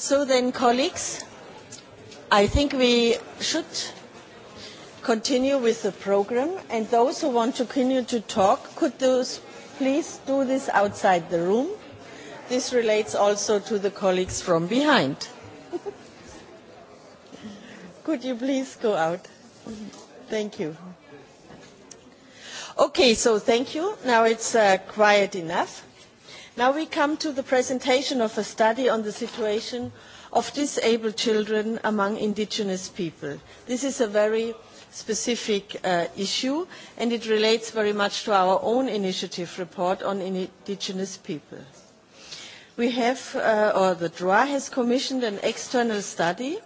So then, colleagues, I think we should continue with the program, and those who want to continue to talk, could those please do this outside the room. This relates also to the colleagues from behind. Could you please go out? Thank you. Okay, so thank you. Now it's quiet enough. Now we come to the presentation of a study on the situation of disabled children among indigenous people. This is a very specific issue and it relates very much to our own initiative report on indigenous people. We have, or the DROA has commissioned an external study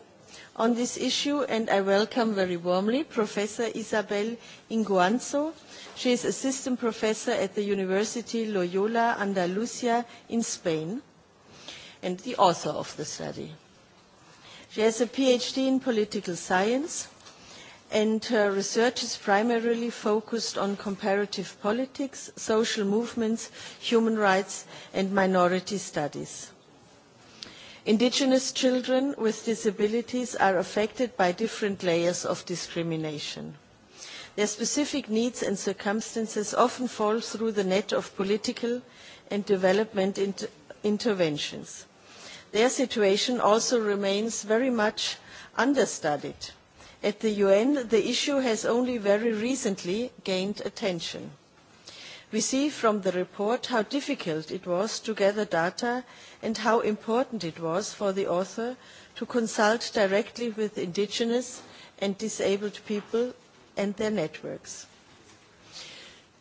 on this issue and I welcome very warmly Professor Isabel Inguanzo She is assistant professor at the University Loyola Andalusia in Spain and the author of the study. She has a PhD in political science and her research is primarily focused on comparative politics, social movements, human rights and minority studies. Indigenous children with disabilities are affected by different layers of discrimination. Their specific needs and circumstances often fall through the net of political and development interventions. Their situation also remains very much understudied. At the UN, the issue has only very recently gained attention. We see from the report how difficult it was to gather data and how important it was for the author to consult directly with indigenous and disabled people and their networks.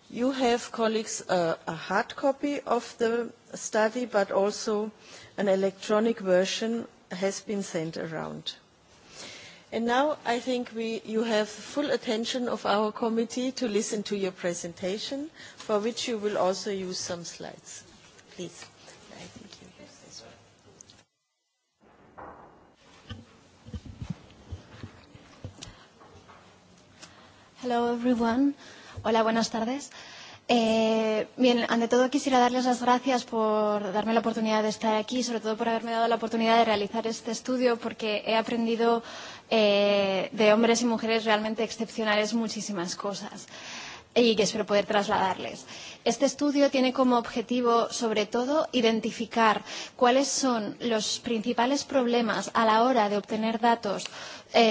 You have, colleagues, a hard copy of the study, but also an electronic version has been sent around. And now I think you have full attention of our committee to listen to your presentation, for which you will also use some slides. Please. Hello everyone. Hola, buenas tardes. Eh, bien, ante todo quisiera darles las gracias por darme la oportunidad de estar aquí, sobre todo por haberme dado la oportunidad de realizar este estudio, porque he aprendido eh, de hombres y mujeres realmente excepcionales muchísimas cosas y que espero poder trasladarles. Este estudio tiene como objetivo, sobre todo, identificar cuáles son los principales problemas a la hora de obtener datos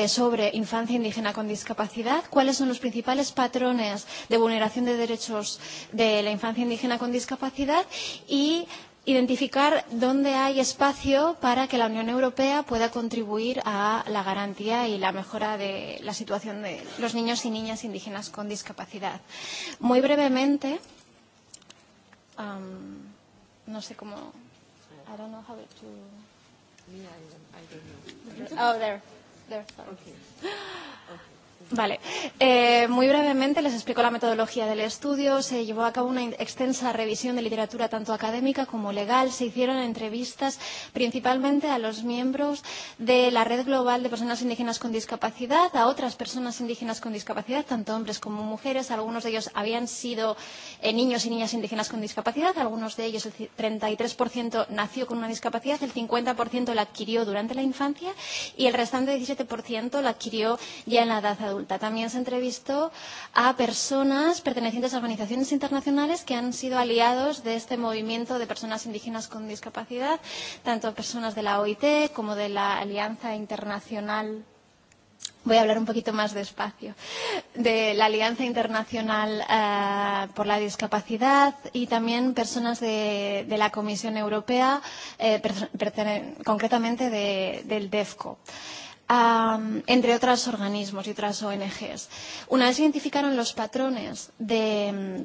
sobre infancia indígena con discapacidad, cuáles son los principales patrones de vulneración de derechos de la infancia indígena con discapacidad y identificar dónde hay espacio para que la Unión Europea pueda contribuir a la garantía y la mejora de la situación de los niños y niñas indígenas con discapacidad. Muy brevemente, no sé cómo... I don't know how to... Oh, there. Okay. Vale. Eh, muy brevemente les explico la metodología del estudio. Se llevó a cabo una extensa revisión de literatura tanto académica como legal. Se hicieron entrevistas principalmente a los miembros de la Red Global de Personas Indígenas con Discapacidad, a otras personas indígenas con discapacidad, tanto hombres como mujeres. Algunos de ellos habían sido niños y niñas indígenas con discapacidad. Algunos de ellos, el 33% nació con una discapacidad, el 50% la adquirió durante la infancia y el restante 17% la adquirió ya en la edad adulta. También se entrevistó a personas pertenecientes a organizaciones internacionales que han sido aliados de este movimiento de personas indígenas con discapacidad, tanto personas de la OIT como de la Alianza Internacional Voy a hablar un poquito más despacio. De la Alianza Internacional por la Discapacidad y también personas de la Comisión Europea, concretamente del DEFCO entre otros organismos y otras ONGs. Una vez identificaron los patrones de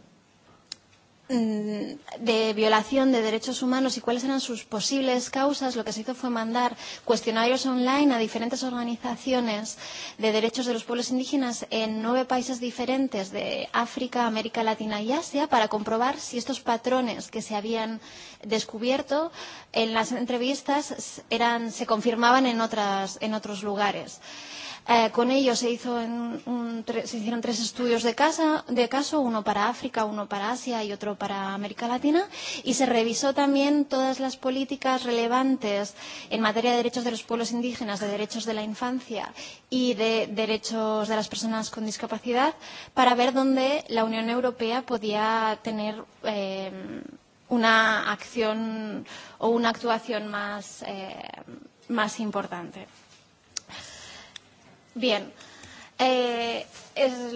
de violación de derechos humanos y cuáles eran sus posibles causas, lo que se hizo fue mandar cuestionarios online a diferentes organizaciones de derechos de los pueblos indígenas en nueve países diferentes de África, América Latina y Asia para comprobar si estos patrones que se habían descubierto en las entrevistas eran se confirmaban en otras en otros lugares. Con ello se hicieron tres estudios de caso, uno para África, uno para Asia y otro para América Latina, y se revisó también todas las políticas relevantes en materia de derechos de los pueblos indígenas, de derechos de la infancia y de derechos de las personas con discapacidad, para ver dónde la Unión Europea podía tener una acción o una actuación más más importante. Bien. Eh,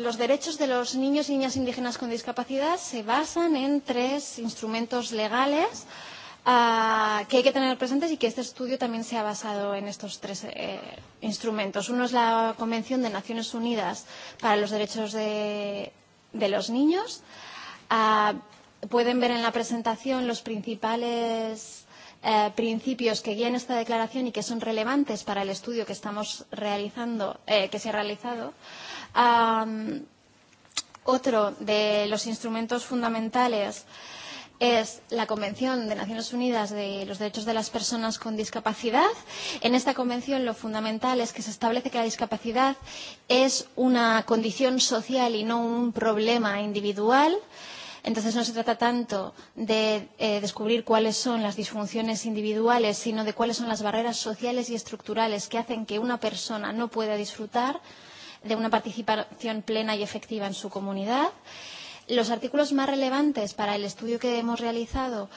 los derechos de los niños y niñas indígenas con discapacidad se basan en tres instrumentos legales que hay que tener presentes y que este estudio también se ha basado en estos tres instrumentos. Uno es la Convención de Naciones Unidas para los Derechos de los Niños. Pueden ver en la presentación los principales principios que guían esta declaración y que son relevantes para el estudio que estamos realizando, que se ha realizado. Otro de los instrumentos fundamentales es la Convención de Naciones Unidas de los Derechos de las Personas con Discapacidad. En esta convención lo fundamental es que se establece que la discapacidad es una condición social y no un problema individual Entonces no se trata tanto de descubrir cuáles son las disfunciones individuales, sino de cuáles son las barreras sociales y estructurales que hacen que una persona no pueda disfrutar de una participación plena y efectiva en su comunidad Los artículos más relevantes para el estudio que hemos realizado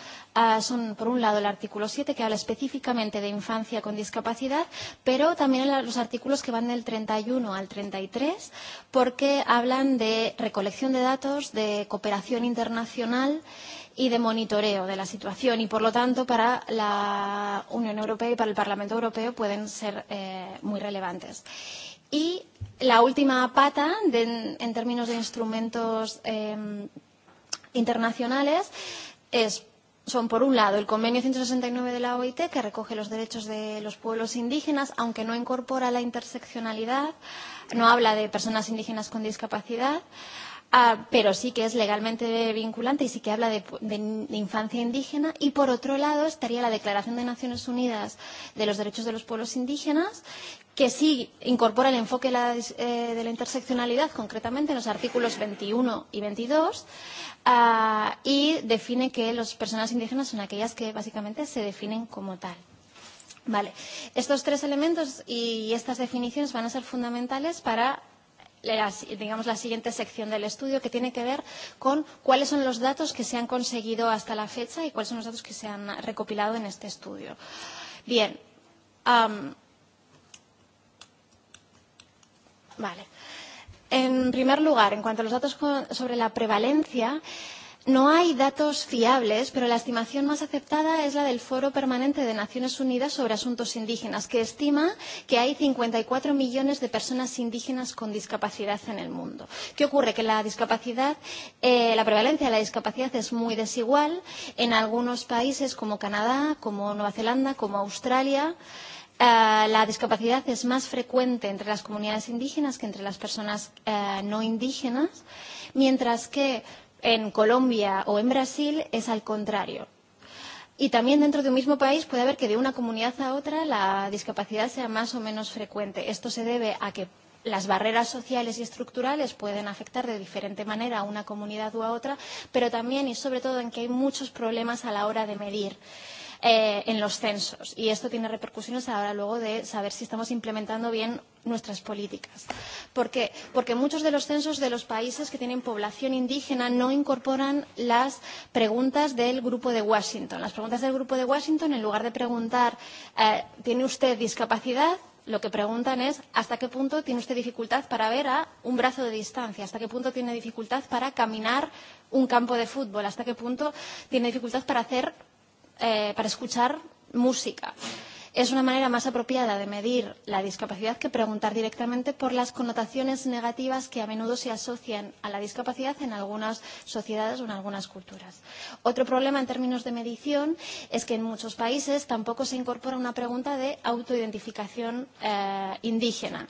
son, por un lado, el artículo 7, que habla específicamente de infancia con discapacidad, pero también los artículos que van del 31 al 33, porque hablan de recolección de datos, de cooperación internacional y de monitoreo de la situación y por lo tanto para la Unión Europea y para el Parlamento Europeo pueden ser muy relevantes. Y la última pata, en términos de instrumentos internacionales, es son, por un lado, el Convenio 169 de la OIT, que recoge los derechos de los pueblos indígenas, aunque no incorpora la interseccionalidad, no habla de personas indígenas con discapacidad, pero sí que es legalmente vinculante y sí que habla de infancia indígena. Y, por otro lado, estaría la Declaración de Naciones Unidas de los Derechos de los Pueblos Indígenas, que sí incorpora el enfoque de la interseccionalidad, concretamente en los artículos 21 y 22, y define que las personas indígenas son aquellas que básicamente se definen como tal. Vale. Estos tres elementos y estas definiciones van a ser fundamentales para digamos, la siguiente sección del estudio que tiene que ver con cuáles son los datos que se han conseguido hasta la fecha y cuáles son los datos que se han recopilado en este estudio. Bien. Um, Vale. En primer lugar, en cuanto a los datos sobre la prevalencia, no hay datos fiables, pero la estimación más aceptada es la del Foro Permanente de Naciones Unidas sobre Asuntos Indígenas, que estima que hay 54 millones de personas indígenas con discapacidad en el mundo. ¿Qué ocurre? Que la discapacidad, eh, la prevalencia de la discapacidad es muy desigual en algunos países como Canadá, como Nueva Zelanda, como Australia La discapacidad es más frecuente entre las comunidades indígenas que entre las personas no indígenas, mientras que en Colombia o en Brasil es al contrario. Y también dentro de un mismo país puede haber que de una comunidad a otra la discapacidad sea más o menos frecuente. Esto se debe a que las barreras sociales y estructurales pueden afectar de diferente manera a una comunidad u a otra, pero también y sobre todo en que hay muchos problemas a la hora de medir en los censos. Y esto tiene repercusiones ahora luego de saber si estamos implementando bien nuestras políticas. ¿Por qué? Porque muchos de los censos de los países que tienen población indígena no incorporan las preguntas del Grupo de Washington. Las preguntas del Grupo de Washington, en lugar de preguntar, ¿tiene usted discapacidad? lo que preguntan es hasta qué punto tiene usted dificultad para ver a un brazo de distancia, hasta qué punto tiene dificultad para caminar un campo de fútbol, hasta qué punto tiene dificultad para hacer para escuchar música. Es una manera más apropiada de medir la discapacidad que preguntar directamente por las connotaciones negativas que a menudo se asocian a la discapacidad en algunas sociedades o en algunas culturas. Otro problema en términos de medición es que en muchos países tampoco se incorpora una pregunta de autoidentificación indígena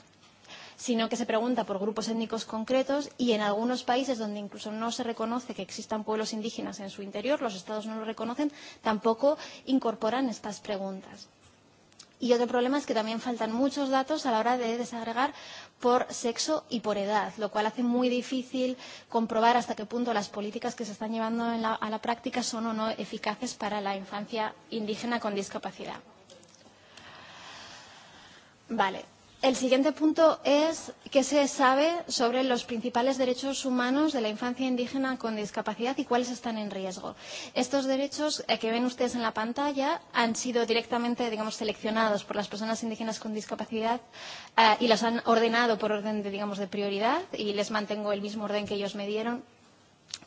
sino que se pregunta por grupos étnicos concretos y en algunos países donde incluso no se reconoce que existan pueblos indígenas en su interior, los estados no lo reconocen, tampoco incorporan estas preguntas. Y otro problema es que también faltan muchos datos a la hora de desagregar por sexo y por edad, lo cual hace muy difícil comprobar hasta qué punto las políticas que se están llevando a la práctica son o no eficaces para la infancia indígena con discapacidad. Vale, El siguiente punto es qué se sabe sobre los principales derechos humanos de la infancia indígena con discapacidad y cuáles están en riesgo. Estos derechos que ven ustedes en la pantalla han sido directamente, digamos, seleccionados por las personas indígenas con discapacidad y los han ordenado por orden, de, digamos, de prioridad y les mantengo el mismo orden que ellos me dieron.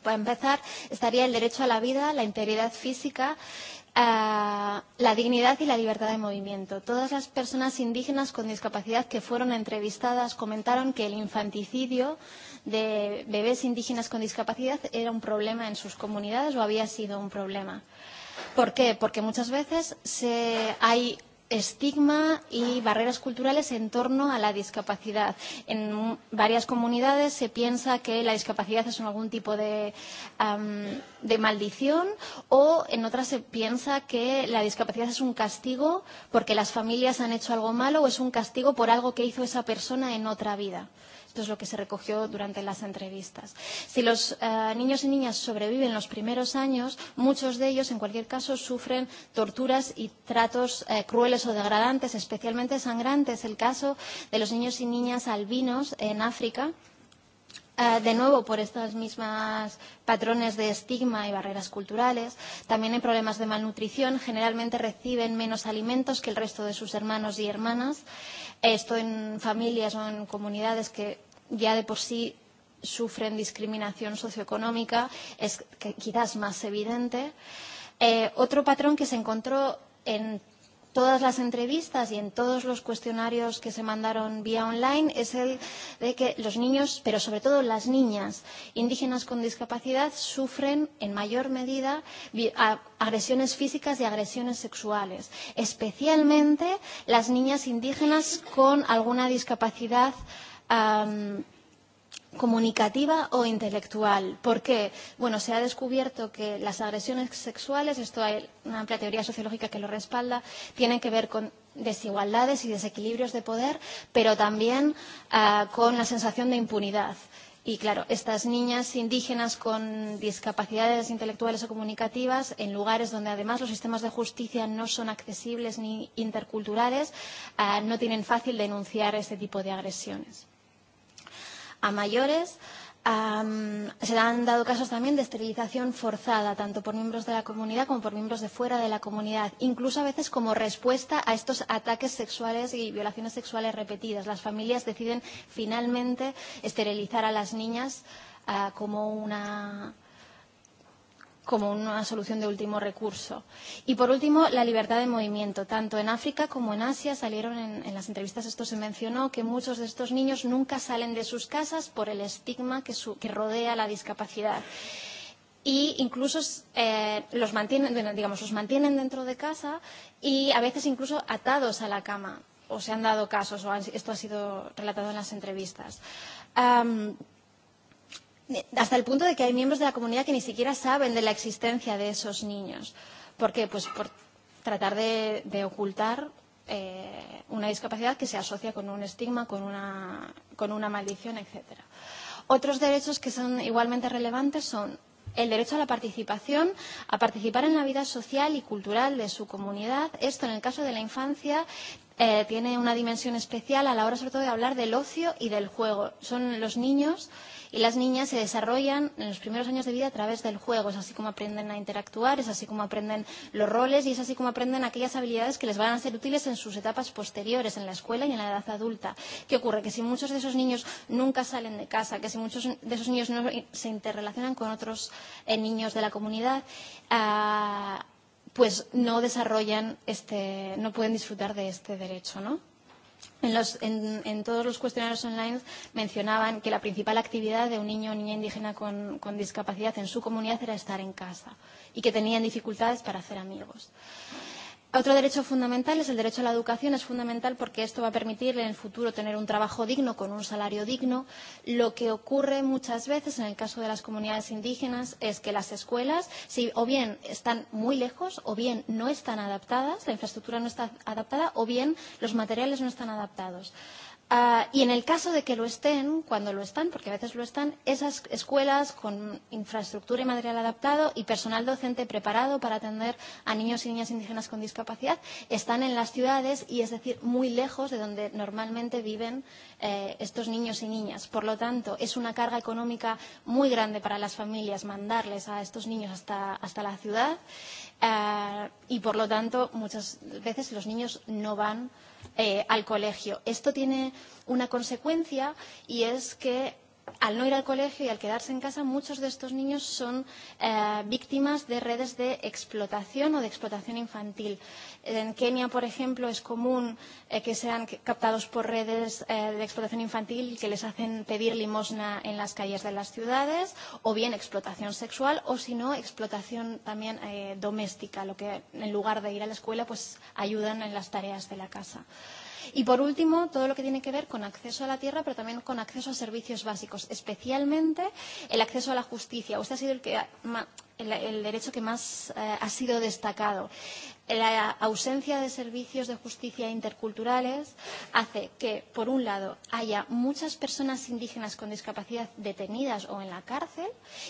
Para empezar, estaría el derecho a la vida, la integridad física la dignidad y la libertad de movimiento. Todas las personas indígenas con discapacidad que fueron entrevistadas comentaron que el infanticidio de bebés indígenas con discapacidad era un problema en sus comunidades o había sido un problema. ¿Por qué? Porque muchas veces se hay estigma y barreras culturales en torno a la discapacidad. En varias comunidades se piensa que la discapacidad es algún tipo de de maldición o en otras se piensa que la discapacidad es un castigo porque las familias han hecho algo malo o es un castigo por algo que hizo esa persona en otra vida. Esto es lo que se recogió durante las entrevistas. Si los niños y niñas sobreviven los primeros años, muchos de ellos, en cualquier caso, sufren torturas y tratos crueles o degradantes, especialmente sangrantes. El caso de los niños y niñas albinos en África de nuevo por estos mismos patrones de estigma y barreras culturales. También hay problemas de malnutrición. Generalmente reciben menos alimentos que el resto de sus hermanos y hermanas. Esto en familias o en comunidades que ya de por sí sufren discriminación socioeconómica es quizás más evidente. Otro patrón que se encontró en todas las entrevistas y en todos los cuestionarios que se mandaron vía online es el de que los niños, pero sobre todo las niñas indígenas con discapacidad, sufren en mayor medida agresiones físicas y agresiones sexuales, especialmente las niñas indígenas con alguna discapacidad comunicativa o intelectual. ¿Por qué? Bueno, se ha descubierto que las agresiones sexuales, esto hay una amplia teoría sociológica que lo respalda, tienen que ver con desigualdades y desequilibrios de poder, pero también con la sensación de impunidad. Y claro, estas niñas indígenas con discapacidades intelectuales o comunicativas, en lugares donde además los sistemas de justicia no son accesibles ni interculturales, no tienen fácil denunciar este tipo de agresiones a mayores. Se han dado casos también de esterilización forzada, tanto por miembros de la comunidad como por miembros de fuera de la comunidad, incluso a veces como respuesta a estos ataques sexuales y violaciones sexuales repetidas. Las familias deciden finalmente esterilizar a las niñas como una como una solución de último recurso. Y por último, la libertad de movimiento. Tanto en África como en Asia salieron en, las entrevistas, esto se mencionó, que muchos de estos niños nunca salen de sus casas por el estigma que, que rodea la discapacidad. Y incluso eh, los, mantienen, digamos, los mantienen dentro de casa y a veces incluso atados a la cama. O se han dado casos, o esto ha sido relatado en las entrevistas. Um, hasta el punto de que hay miembros de la comunidad que ni siquiera saben de la existencia de esos niños. ¿Por qué? Pues por tratar de, de ocultar eh, una discapacidad que se asocia con un estigma, con una, con una maldición, etc. Otros derechos que son igualmente relevantes son el derecho a la participación, a participar en la vida social y cultural de su comunidad. Esto, en el caso de la infancia, eh, tiene una dimensión especial a la hora, sobre todo, de hablar del ocio y del juego. Son los niños Y las niñas se desarrollan en los primeros años de vida a través del juego. Es así como aprenden a interactuar, es así como aprenden los roles y es así como aprenden aquellas habilidades que les van a ser útiles en sus etapas posteriores, en la escuela y en la edad adulta. ¿Qué ocurre? Que si muchos de esos niños nunca salen de casa, que si muchos de esos niños no se interrelacionan con otros niños de la comunidad, pues no desarrollan este, no pueden disfrutar de este derecho, ¿no? En, los, en, todos los cuestionarios online mencionaban que la principal actividad de un niño o niña indígena con, con discapacidad en su comunidad era estar en casa y que tenían dificultades para hacer amigos. Otro derecho fundamental es el derecho a la educación. Es fundamental porque esto va a permitir en el futuro tener un trabajo digno con un salario digno. Lo que ocurre muchas veces en el caso de las comunidades indígenas es que las escuelas, si o bien están muy lejos, o bien no están adaptadas, la infraestructura no está adaptada, o bien los materiales no están adaptados. Y en el caso de que lo estén, cuando lo están, porque a veces lo están, esas escuelas con infraestructura y material adaptado y personal docente preparado para atender a niños y niñas indígenas con discapacidad están en las ciudades y es decir, muy lejos de donde normalmente viven estos niños y niñas. Por lo tanto, es una carga económica muy grande para las familias mandarles a estos niños hasta, hasta la ciudad y por lo tanto muchas veces los niños no van al colegio. Esto tiene una consecuencia y es que al no ir al colegio y al quedarse en casa, muchos de estos niños son víctimas de redes de explotación o de explotación infantil. En Kenia, por ejemplo, es común que sean captados por redes de explotación infantil que les hacen pedir limosna en las calles de las ciudades, o bien explotación sexual, o si no, explotación también doméstica, lo que en lugar de ir a la escuela, pues ayudan en las tareas de la casa. Y por último, todo lo que tiene que ver con acceso a la tierra, pero también con acceso a servicios básicos, especialmente el acceso a la justicia. Usted ha sido el que el derecho que más ha sido destacado. La ausencia de servicios de justicia interculturales hace que, por un lado, haya muchas personas indígenas con discapacidad detenidas o en la cárcel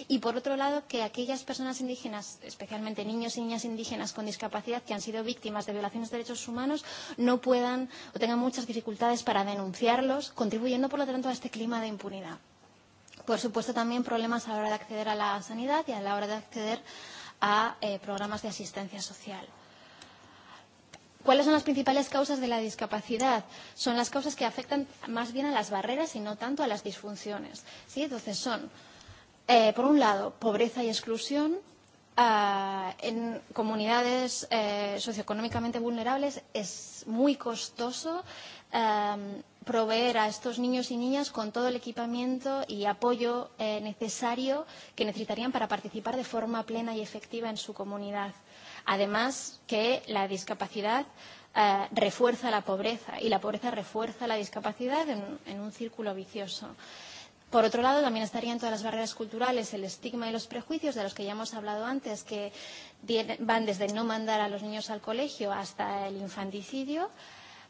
y, por otro lado, que aquellas personas indígenas, especialmente niños y niñas indígenas con discapacidad que han sido víctimas de violaciones de derechos humanos, no puedan o tengan muchas dificultades para denunciarlos, contribuyendo, por lo tanto, a este clima de impunidad. Por supuesto, también problemas a la hora de acceder a la sanidad y a la hora de acceder a programas de asistencia social. ¿Cuáles son las principales causas de la discapacidad? Son las causas que afectan más bien a las barreras y no tanto a las disfunciones. ¿sí? Entonces son, eh, por un lado, pobreza y exclusión. en comunidades eh, socioeconómicamente vulnerables es muy costoso proveer a estos niños y niñas con todo el equipamiento y apoyo necesario que necesitarían para participar de forma plena y efectiva en su comunidad. Además, que la discapacidad refuerza la pobreza y la pobreza refuerza la discapacidad en un círculo vicioso. Por otro lado, también estarían todas las barreras culturales, el estigma y los prejuicios de los que ya hemos hablado antes, que van desde no mandar a los niños al colegio hasta el infanticidio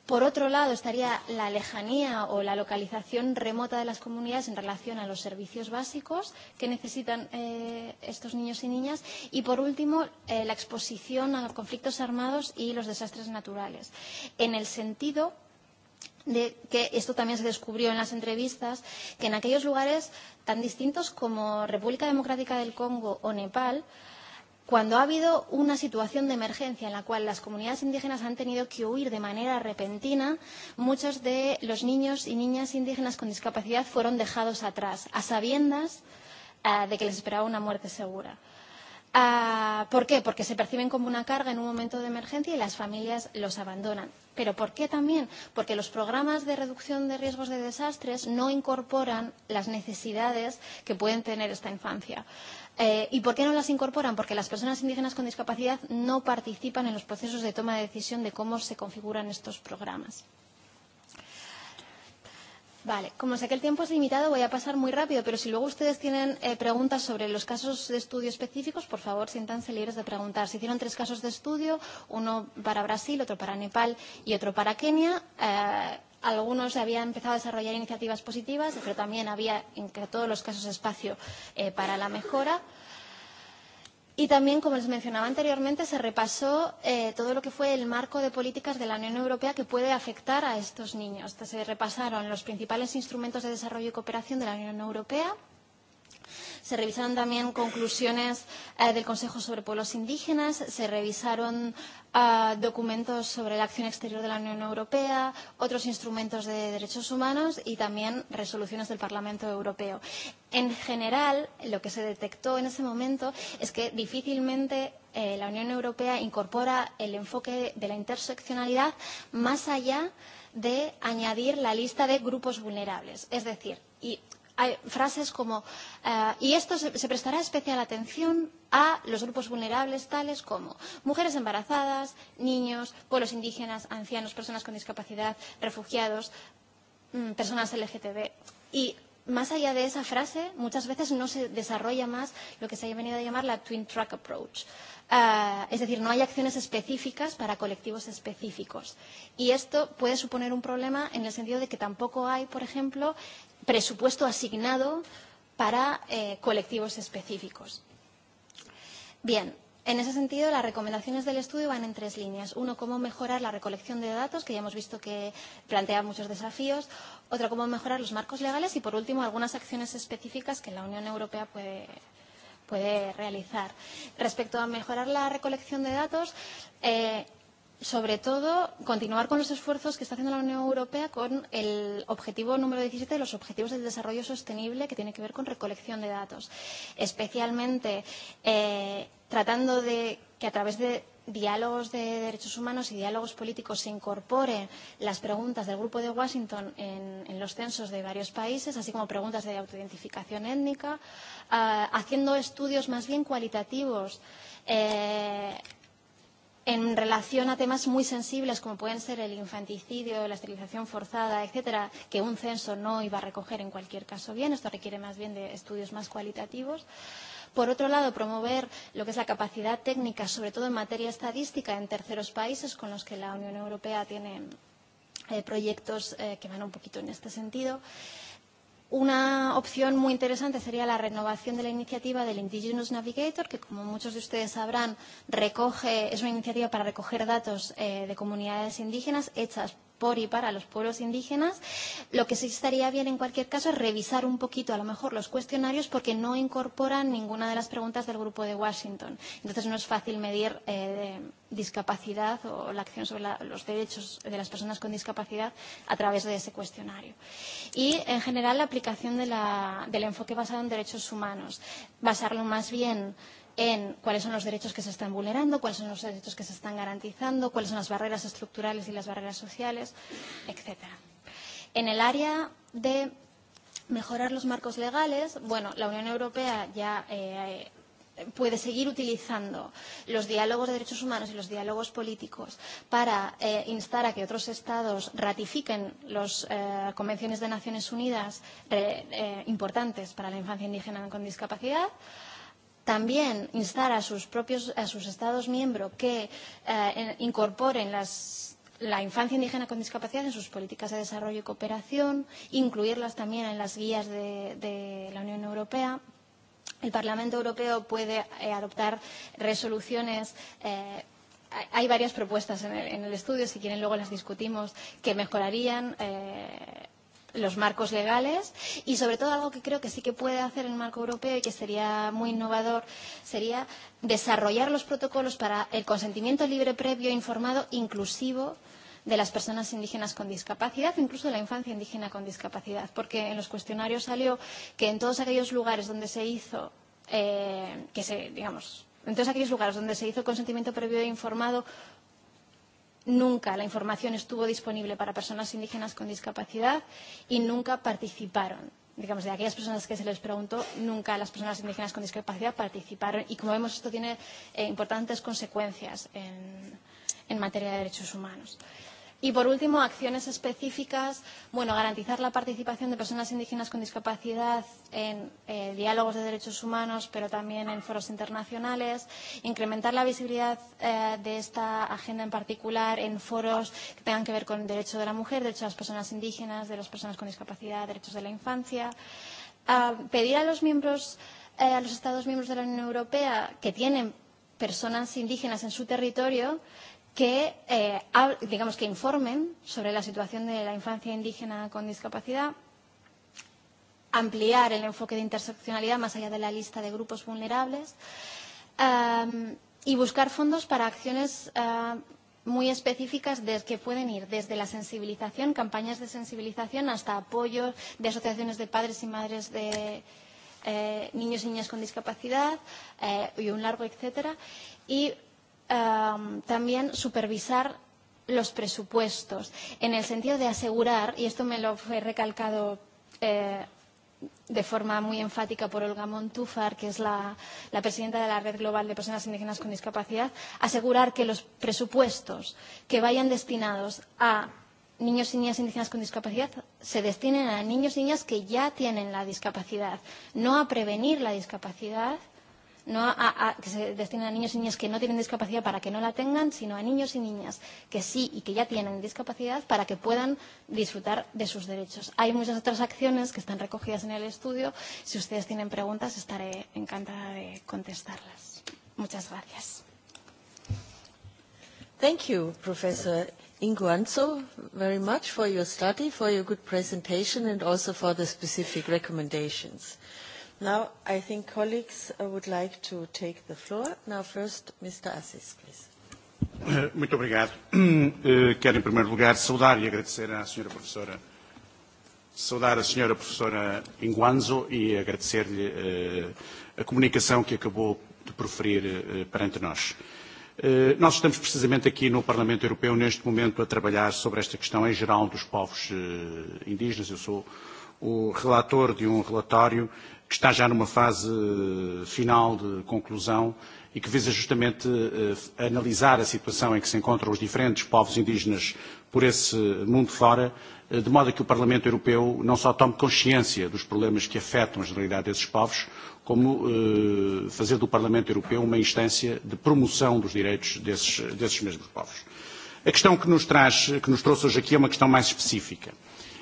Por otro lado, estaría la lejanía o la localización remota de las comunidades en relación a los servicios básicos que necesitan estos niños y niñas. Y, por último, la exposición a los conflictos armados y los desastres naturales. En el sentido de que esto también se descubrió en las entrevistas, que en aquellos lugares tan distintos como República Democrática del Congo o Nepal, cuando ha habido una situación de emergencia en la cual las comunidades indígenas han tenido que huir de manera repentina, muchos de los niños y niñas indígenas con discapacidad fueron dejados atrás, a sabiendas de que les esperaba una muerte segura. ¿Por qué? Porque se perciben como una carga en un momento de emergencia y las familias los abandonan pero ¿por qué también? Porque los programas de reducción de riesgos de desastres no incorporan las necesidades que pueden tener esta infancia. ¿Y por qué no las incorporan? Porque las personas indígenas con discapacidad no participan en los procesos de toma de decisión de cómo se configuran estos programas. Vale, como sé que el tiempo es limitado, voy a pasar muy rápido, pero si luego ustedes tienen preguntas sobre los casos de estudio específicos, por favor, siéntanse libres de preguntar. Se hicieron tres casos de estudio, uno para Brasil, otro para Nepal y otro para Kenia. Algunos habían empezado a desarrollar iniciativas positivas, pero también había en todos los casos espacio para la mejora. Y también, como les mencionaba anteriormente, se repasó todo lo que fue el marco de políticas de la Unión Europea que puede afectar a estos niños. Se repasaron los principales instrumentos de desarrollo y cooperación de la Unión Europea Se revisaron también conclusiones del Consejo sobre Pueblos Indígenas, se revisaron documentos sobre la acción exterior de la Unión Europea, otros instrumentos de derechos humanos y también resoluciones del Parlamento Europeo. En general, lo que se detectó en ese momento es que difícilmente la Unión Europea incorpora el enfoque de la interseccionalidad más allá de añadir la lista de grupos vulnerables. Es decir, y hay frases como y esto se prestará especial atención a los grupos vulnerables tales como mujeres embarazadas, niños, pueblos indígenas, ancianos, personas con discapacidad, refugiados, personas LGTB. Y más allá de esa frase, muchas veces no se desarrolla más lo que se ha venido a llamar la twin track approach. Es decir, no hay acciones específicas para colectivos específicos. Y esto puede suponer un problema en el sentido de que tampoco hay, por ejemplo, presupuesto asignado para colectivos específicos. Bien, en ese sentido, las recomendaciones del estudio van en tres líneas. Uno, cómo mejorar la recolección de datos, que ya hemos visto que plantea muchos desafíos. Otra, cómo mejorar los marcos legales. Y, por último, algunas acciones específicas que la Unión Europea puede puede realizar. Respecto a mejorar la recolección de datos, eh, sobre todo, continuar con los esfuerzos que está haciendo la Unión Europea con el objetivo número 17 de los Objetivos del Desarrollo Sostenible, que tiene que ver con recolección de datos. Especialmente tratando de que a través de diálogos de derechos humanos y diálogos políticos se incorporen las preguntas del Grupo de Washington en los censos de varios países, así como preguntas de autoidentificación étnica, haciendo estudios más bien cualitativos en relación a temas muy sensibles como pueden ser el infanticidio, la esterilización forzada, etcétera, que un censo no iba a recoger en cualquier caso bien. Esto requiere más bien de estudios más cualitativos. Por otro lado, promover lo que es la capacidad técnica, sobre todo en materia estadística, en terceros países con los que la Unión Europea tiene proyectos que van un poquito en este sentido. Una opción muy interesante sería la renovación de la iniciativa del Indigenous Navigator, que como muchos de ustedes sabrán, recoge, es una iniciativa para recoger datos de comunidades indígenas hechas por y para los pueblos indígenas. Lo que sí estaría bien en cualquier caso es revisar un poquito a lo mejor los cuestionarios porque no incorporan ninguna de las preguntas del Grupo de Washington. Entonces no es fácil medir discapacidad o la acción sobre los derechos de las personas con discapacidad a través de ese cuestionario. Y en general la aplicación de la, del enfoque basado en derechos humanos. Basarlo más bien en cuáles son los derechos que se están vulnerando, cuáles son los derechos que se están garantizando, cuáles son las barreras estructurales y las barreras sociales, etc. En el área de mejorar los marcos legales, bueno, la Unión Europea ya puede seguir utilizando los diálogos de derechos humanos y los diálogos políticos para instar a que otros estados ratifiquen las convenciones de Naciones Unidas importantes para la infancia indígena con discapacidad También instar a sus propios a sus Estados miembros que incorporen las la infancia indígena con discapacidad en sus políticas de desarrollo y cooperación, incluirlas también en las guías de, de la Unión Europea. El Parlamento Europeo puede adoptar resoluciones eh, hay varias propuestas en el, en el estudio, si quieren luego las discutimos, que mejorarían eh, los marcos legales y sobre todo algo que creo que sí que puede hacer el marco europeo y que sería muy innovador sería desarrollar los protocolos para el consentimiento libre, previo, informado, inclusivo de las personas indígenas con discapacidad, incluso de la infancia indígena con discapacidad, porque en los cuestionarios salió que en todos aquellos lugares donde se hizo, eh, que se, digamos, en todos aquellos lugares donde se hizo consentimiento previo e informado, nunca la información estuvo disponible para personas indígenas con discapacidad y nunca participaron. Digamos, de aquellas personas que se les preguntó, nunca las personas indígenas con discapacidad participaron. Y como vemos, esto tiene importantes consecuencias en materia de derechos humanos. Y, por último, acciones específicas. Bueno, garantizar la participación de personas indígenas con discapacidad en diálogos de derechos humanos, pero también en foros internacionales. Incrementar la visibilidad de esta agenda en particular en foros que tengan que ver con el derecho de la mujer, derecho de las personas indígenas, de las personas con discapacidad, derechos de la infancia. Pedir a los miembros, a los Estados miembros de la Unión Europea que tienen personas indígenas en su territorio que digamos que informen sobre la situación de la infancia indígena con discapacidad ampliar el enfoque de interseccionalidad más allá de la lista de grupos vulnerables y buscar fondos para acciones muy específicas que pueden ir desde la sensibilización, campañas de sensibilización, hasta apoyo de asociaciones de padres y madres de niños y niñas con discapacidad y un largo etcétera. Y también supervisar los presupuestos, en el sentido de asegurar, y esto me lo fue recalcado de forma muy enfática por Olga Montúfar, que es la presidenta de la Red Global de Personas Indígenas con Discapacidad, asegurar que los presupuestos que vayan destinados a niños y niñas indígenas con discapacidad se destinen a niños y niñas que ya tienen la discapacidad, no a prevenir la discapacidad, no a, a, que se destinen a niños y niñas que no tienen discapacidad para que no la tengan, sino a niños y niñas que sí y que ya tienen discapacidad para que puedan disfrutar de sus derechos. Hay muchas otras acciones que están recogidas en el estudio. Si ustedes tienen preguntas, estaré encantada de contestarlas. Muchas gracias. Thank you, Professor Inguanzo, very much for your study, for your good presentation, and also for the specific recommendations. Now, I think colleagues would like to take the floor. Now, first, Mr. Assis, please. Muito obrigado. Quero, em primeiro lugar, saudar e agradecer à senhora professora, saudar a senhora professora Inguanzo e agradecer-lhe a comunicação que acabou de proferir perante nós. Nós estamos precisamente aqui no Parlamento Europeu, neste momento, a trabalhar sobre esta questão em geral dos povos indígenas. Eu sou o relator de um relatório que está já numa fase final de conclusão e que visa justamente analisar a situação em que se encontram os diferentes povos indígenas por esse mundo fora, de modo que o Parlamento Europeu não só tome consciência dos problemas que afetam a generalidade desses povos, como fazer do Parlamento Europeu uma instância de promoção dos direitos desses mesmos povos. A questão que nos trouxe hoje aqui é uma questão mais específica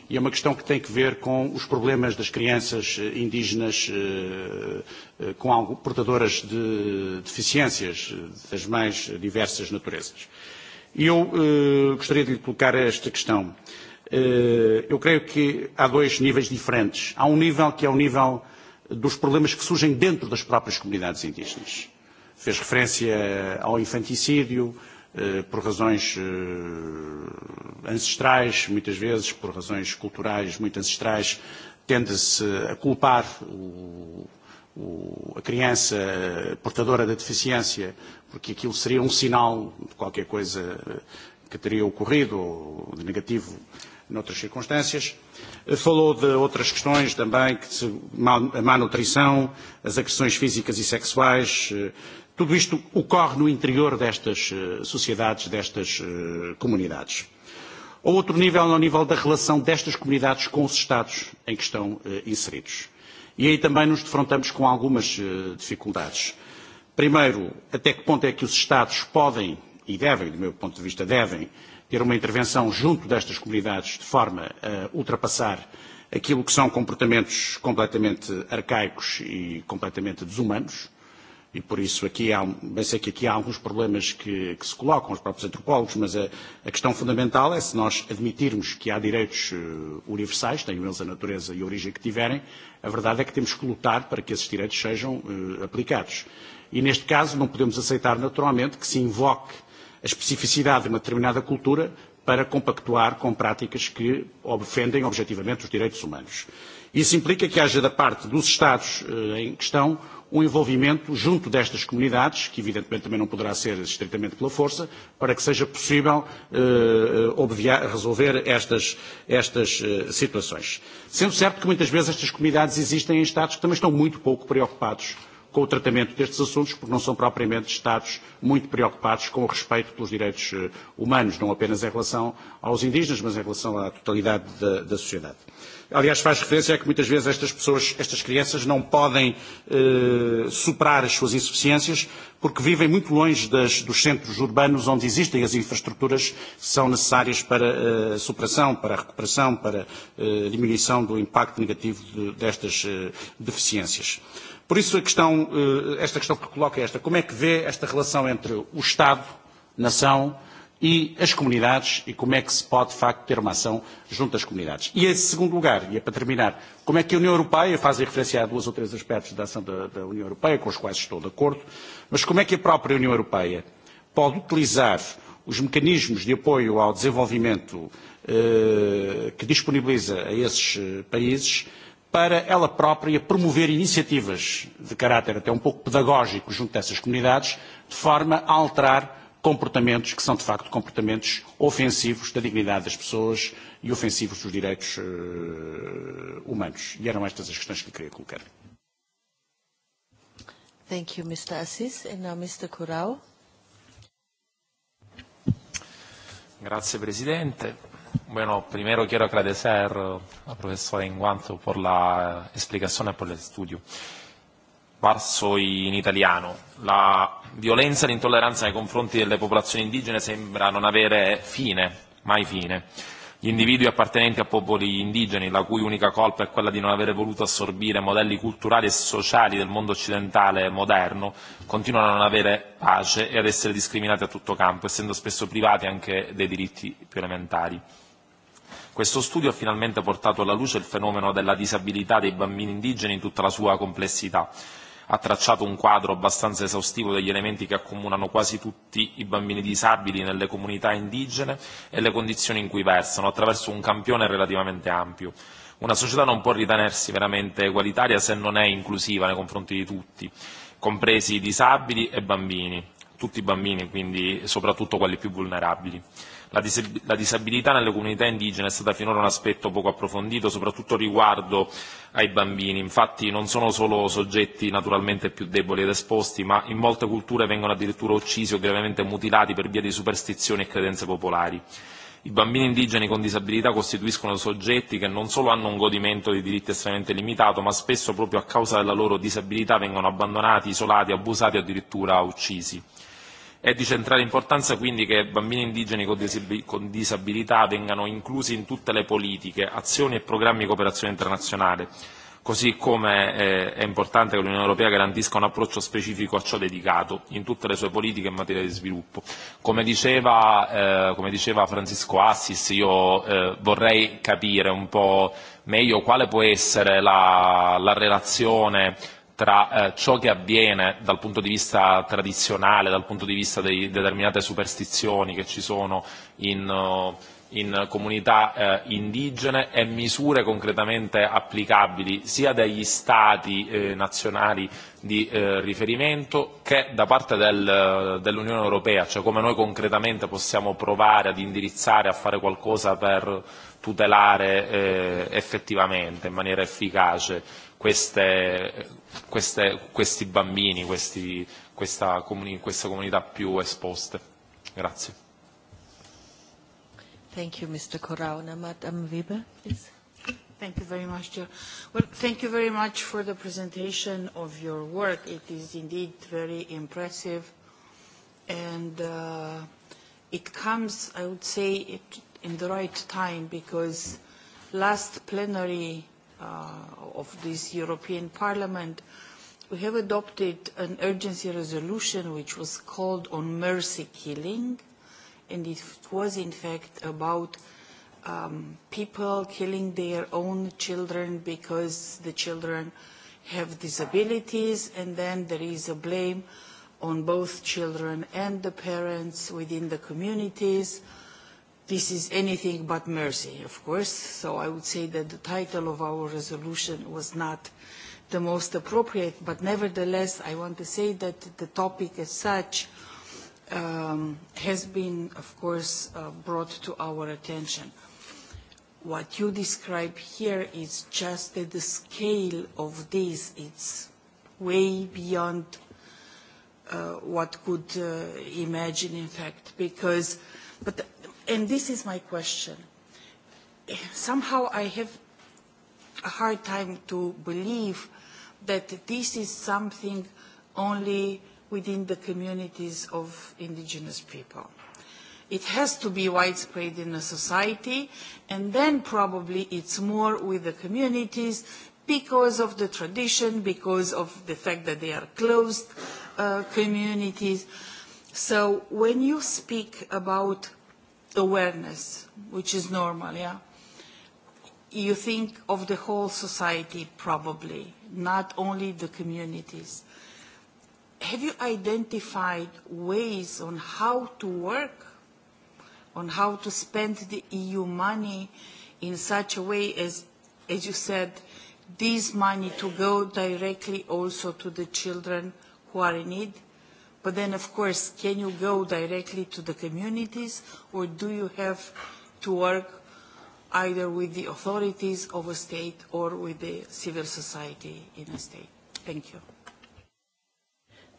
e é uma questão que tem que ver com os problemas das crianças indígenas com portadoras de deficiências das mais diversas naturezas. E Eu gostaria de lhe colocar esta questão. Eu creio que há dois níveis diferentes. Há um nível que é o nível dos problemas que surgem dentro das próprias comunidades indígenas. Fez referência ao infanticídio, por razões ancestrais, muitas vezes por razões culturais muito ancestrais, tende-se a culpar a criança portadora da deficiência, porque aquilo seria um sinal de qualquer coisa que teria ocorrido, ou de negativo, noutras circunstâncias. Falou de outras questões também, que a má nutrição, as agressões físicas e sexuais, Tudo isto ocorre no interior destas sociedades, destas comunidades. Ou outro nível, ao nível da relação destas comunidades com os Estados em que estão inseridos. E aí também nos defrontamos com algumas dificuldades. Primeiro, até que ponto é que os Estados podem e devem, do meu ponto de vista, devem ter uma intervenção junto destas comunidades de forma a ultrapassar aquilo que são comportamentos completamente arcaicos e completamente desumanos E por isso aqui há, bem sei que aqui há alguns problemas que, que se colocam os próprios antropólogos, mas a, a questão fundamental é se nós admitirmos que há direitos universais, tenham eles a natureza e a origem que tiverem, a verdade é que temos que lutar para que esses direitos sejam aplicados. E neste caso não podemos aceitar naturalmente que se invoque a especificidade de uma determinada cultura para compactuar com práticas que ofendem objetivamente os direitos humanos. Isso implica que haja da parte dos Estados em questão um envolvimento junto destas comunidades, que evidentemente também não poderá ser estritamente pela força, para que seja possível resolver estas situações. Sendo certo que muitas vezes estas comunidades existem em Estados que também estão muito pouco preocupados com o tratamento destes assuntos, porque não são propriamente Estados muito preocupados com o respeito pelos direitos humanos, não apenas em relação aos indígenas, mas em relação à totalidade da sociedade aliás faz referência é que muitas vezes estas pessoas, estas crianças não podem superar as suas insuficiências porque vivem muito longe das, dos centros urbanos onde existem as infraestruturas que são necessárias para a superação, para a recuperação, para a diminuição do impacto negativo destas deficiências. Por isso, a questão, esta questão que coloca é esta. Como é que vê esta relação entre o Estado, nação, e as comunidades e como é que se pode, de facto, ter uma ação junto às comunidades. E, em segundo lugar, e é para terminar, como é que a União Europeia, fazem referência a dois ou três aspectos da ação da União Europeia, com os quais estou de acordo, mas como é que a própria União Europeia pode utilizar os mecanismos de apoio ao desenvolvimento que disponibiliza a esses países para ela própria promover iniciativas de caráter até um pouco pedagógico junto dessas comunidades, de forma a alterar comportamentos que são, de facto, comportamentos ofensivos da dignidade das pessoas e ofensivos dos direitos humanos. E eram estas as questões que queria colocar. Thank you, Mr. Assis. And now Mr. Curao. Grazie, Presidente. Bueno, primero quiero agradecer al profesor Enguanto por la explicación y por el estudio parso in italiano. La violenza e l'intolleranza nei confronti delle popolazioni indigene sembra non avere fine, mai fine. Gli individui appartenenti a popoli indigeni, la cui unica colpa è quella di non aver voluto assorbire modelli culturali e sociali del mondo occidentale moderno, continuano a non avere pace e ad essere discriminati a tutto campo, essendo spesso privati anche dei diritti più elementari. Questo studio ha finalmente portato alla luce il fenomeno della disabilità dei bambini indigeni in tutta la sua complessità ha tracciato un quadro abbastanza esaustivo degli elementi che accomunano quasi tutti i bambini disabili nelle comunità indigene e le condizioni in cui versano, attraverso un campione relativamente ampio. Una società non può ritenersi veramente egualitaria se non è inclusiva nei confronti di tutti, compresi disabili e bambini, tutti i bambini, quindi soprattutto quelli più vulnerabili. La disabilità nelle comunità indigene è stata finora un aspetto poco approfondito, soprattutto riguardo ai bambini. Infatti non sono solo soggetti naturalmente più deboli ed esposti, ma in molte culture vengono addirittura uccisi o gravemente mutilati per via di superstizioni e credenze popolari. I bambini indigeni con disabilità costituiscono soggetti che non solo hanno un godimento di diritti estremamente limitato, ma spesso proprio a causa della loro disabilità vengono abbandonati, isolati, abusati e addirittura uccisi. È di centrale importanza quindi che bambini indigeni con disabilità vengano inclusi in tutte le politiche, azioni e programmi di cooperazione internazionale, così come è importante che l'Unione Europea garantisca un approccio specifico a ciò dedicato in tutte le sue politiche in materia di sviluppo. Come diceva Francisco Assis, io vorrei capire un po' meglio quale può essere la relazione tra ciò che avviene dal punto di vista tradizionale, dal punto di vista di determinate superstizioni che ci sono in in comunità indigene e misure concretamente applicabili sia dagli stati nazionali di riferimento che da parte dell'Unione Europea, cioè come noi concretamente possiamo provare ad indirizzare a fare qualcosa per tutelare effettivamente in maniera efficace queste, queste, questi bambini, questi, questa, comuni, questa comunità più esposte. Grazie. Thank you, Mr. Corrauna. Madam Weber, please. Thank you very much, Chair. Well, thank you very much for the presentation of your work. It is indeed very impressive, and it comes, I would say, it, in the right time because last plenary of this European Parliament, we have adopted an urgency resolution which was called on mercy killing, and it was in fact about people killing their own children because the children have disabilities, and then there is a blame on both children and the parents within the communities. This is anything but mercy, of course, so I would say that the title of our resolution was not the most appropriate, but nevertheless I want to say that the topic as such has been, of course, brought to our attention. What you describe here is just that the scale of this it's way beyond what could imagine, in fact, because but And this is my question. Somehow I have a hard time to believe that this is something only within the communities of indigenous people. It has to be widespread in a society, and then probably it's more with the communities because of the tradition, because of the fact that they are closed communities. So when you speak about the awareness, which is normal, yeah. You think of the whole society probably, not only the communities. Have you identified ways on how to work, on how to spend the EU money in such a way as, as you said, this money to go directly also to the children who are in need? But then, of course, can you go directly to the communities or do you have to work either with the authorities of a state or with the civil society in a state? Thank you.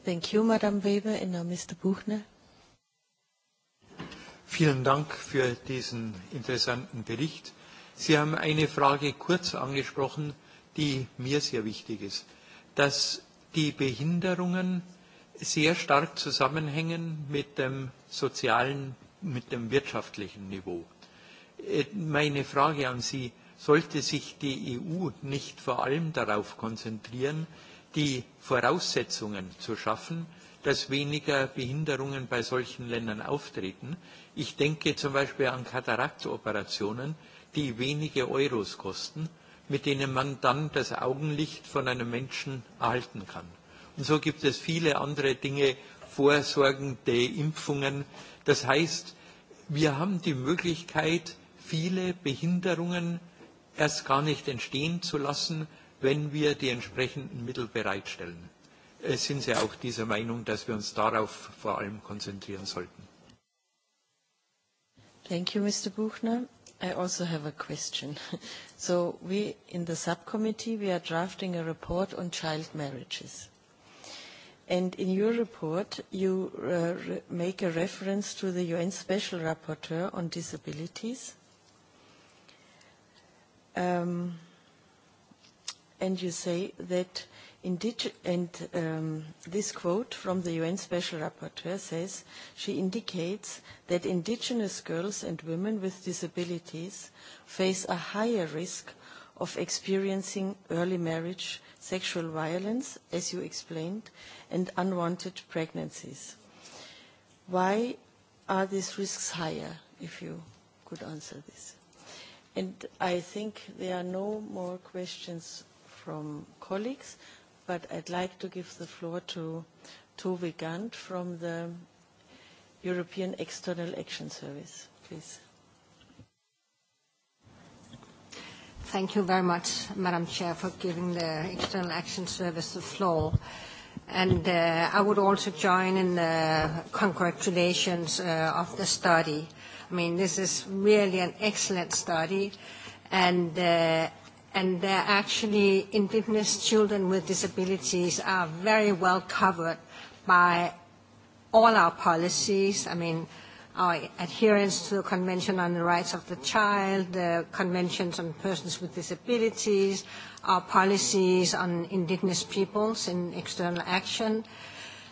Thank you, Madam Weber. And now Mr. Buchner. Vielen Dank für diesen interessanten Bericht. Sie haben eine Frage kurz angesprochen, die mir sehr wichtig ist, dass die Behinderungen sehr stark zusammenhängen mit dem sozialen, mit dem wirtschaftlichen Niveau. Meine Frage an Sie, sollte sich die EU nicht vor allem darauf konzentrieren, die Voraussetzungen zu schaffen, dass weniger Behinderungen bei solchen Ländern auftreten. Ich denke zum Beispiel an Kataraktoperationen, die wenige Euros kosten, mit denen man dann das Augenlicht von einem Menschen erhalten kann. Und so gibt es viele andere Dinge, vorsorgende Impfungen. Das heißt, wir haben die Möglichkeit, viele Behinderungen erst gar nicht entstehen zu lassen, wenn wir die entsprechenden Mittel bereitstellen. Es Sind Sie auch dieser Meinung, dass wir uns darauf vor allem konzentrieren sollten? Thank you, Mr. Buchner. I also have a question. So we in the subcommittee, we are drafting a report on child marriages And in your report, you make a reference to the UN Special Rapporteur on Disabilities. And you say that, and this quote from the UN Special Rapporteur says, she indicates that indigenous girls and women with disabilities face a higher risk of experiencing early marriage, sexual violence, as you explained, and unwanted pregnancies. Why are these risks higher, if you could answer this? And I think there are no more questions from colleagues, but I'd like to give the floor to Tove Gant from the European External Action Service, please. Thank you very much, Madam Chair, for giving the External Action Service the floor. And I would also join in the congratulations of the study. I mean, this is really an excellent study, and and actually indigenous children with disabilities are very well covered by all our policies. I mean our adherence to the Convention on the Rights of the Child, the Conventions on Persons with Disabilities, our policies on indigenous peoples in external action.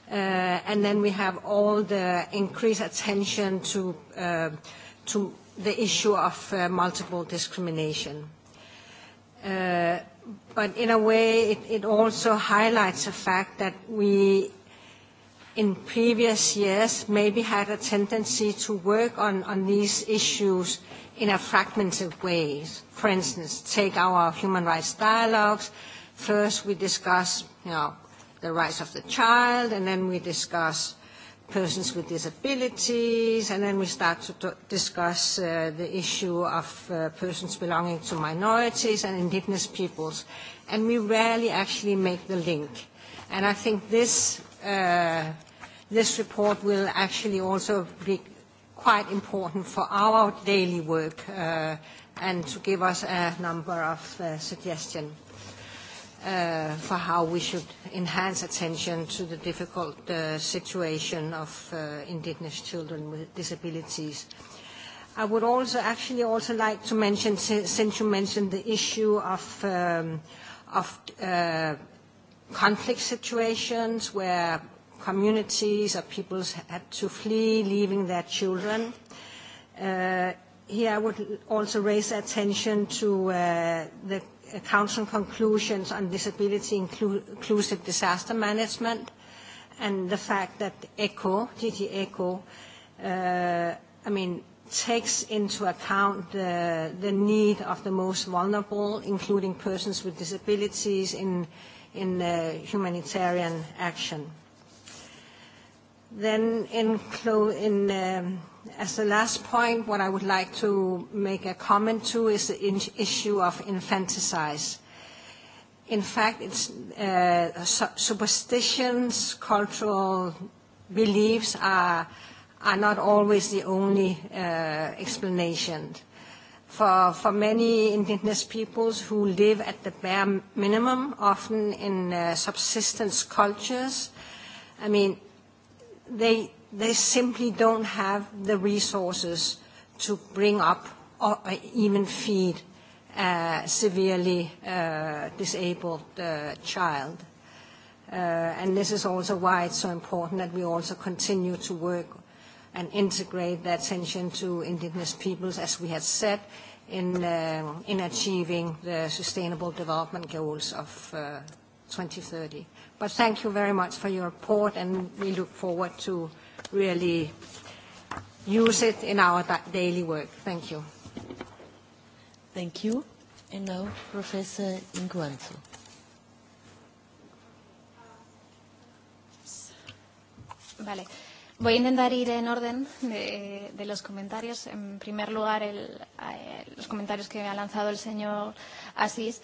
And then we have all the increased attention to the issue of multiple discrimination. But in a way, it also highlights the fact that we in previous years maybe had a tendency to work on these issues in a fragmented way. For instance, take our human rights dialogues. First we discuss the rights of the child, and then we discuss persons with disabilities, and then we start to discuss the issue of persons belonging to minorities and indigenous peoples. And we rarely actually make the link. And I think this this report will actually also be quite important for our daily work and to give us a number of suggestions for how we should enhance attention to the difficult situation of indigenous children with disabilities. I would also actually also like to mention, since you mentioned the issue of of conflict situations where communities of people had to flee, leaving their children. Here I would also raise attention to the Council conclusions on disability inclusive disaster management and the fact that ECHO, DG ECHO, I mean, takes into account the need of the most vulnerable, including persons with disabilities, in humanitarian action. Then, in as the last point, what I would like to make a comment to is the issue of infanticide. In fact, it's superstitions, cultural beliefs are are not always the only explanation. For for many indigenous peoples who live at the bare minimum, often in subsistence cultures, I mean they they simply don't have the resources to bring up or even feed a severely disabled child. And this is also why it's so important that we also continue to work and integrate that attention to indigenous peoples, as we had said, in in achieving the Sustainable Development Goals of 2030. But thank you very much for your report, and we look forward to really use it in our daily work. Thank you. Thank you. And now, Professor Inguanzo. Vale. Voy a intentar ir en orden de, de los comentarios. En primer lugar, el, los comentarios que ha lanzado el señor Asís.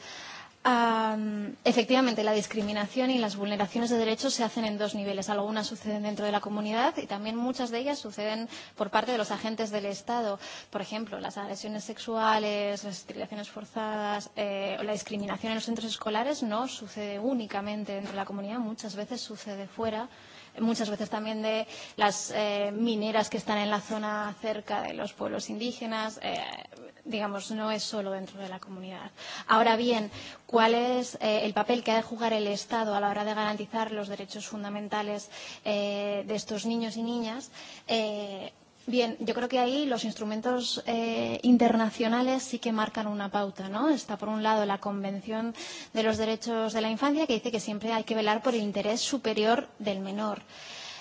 Efectivamente, la discriminación y las vulneraciones de derechos se hacen en dos niveles. Algunas suceden dentro de la comunidad y también muchas de ellas suceden por parte de los agentes del Estado. Por ejemplo, las agresiones sexuales, las esterilizaciones forzadas o la discriminación en los centros escolares no sucede únicamente dentro de la comunidad, muchas veces sucede fuera muchas veces también de las mineras que están en la zona cerca de los pueblos indígenas, digamos, no es solo dentro de la comunidad. Ahora bien, ¿cuál es el papel que ha de jugar el Estado a la hora de garantizar los derechos fundamentales de estos niños y niñas? Bien, yo creo que ahí los instrumentos internacionales sí que marcan una pauta, ¿no? Está por un lado la Convención de los Derechos de la Infancia que dice que siempre hay que velar por el interés superior del menor.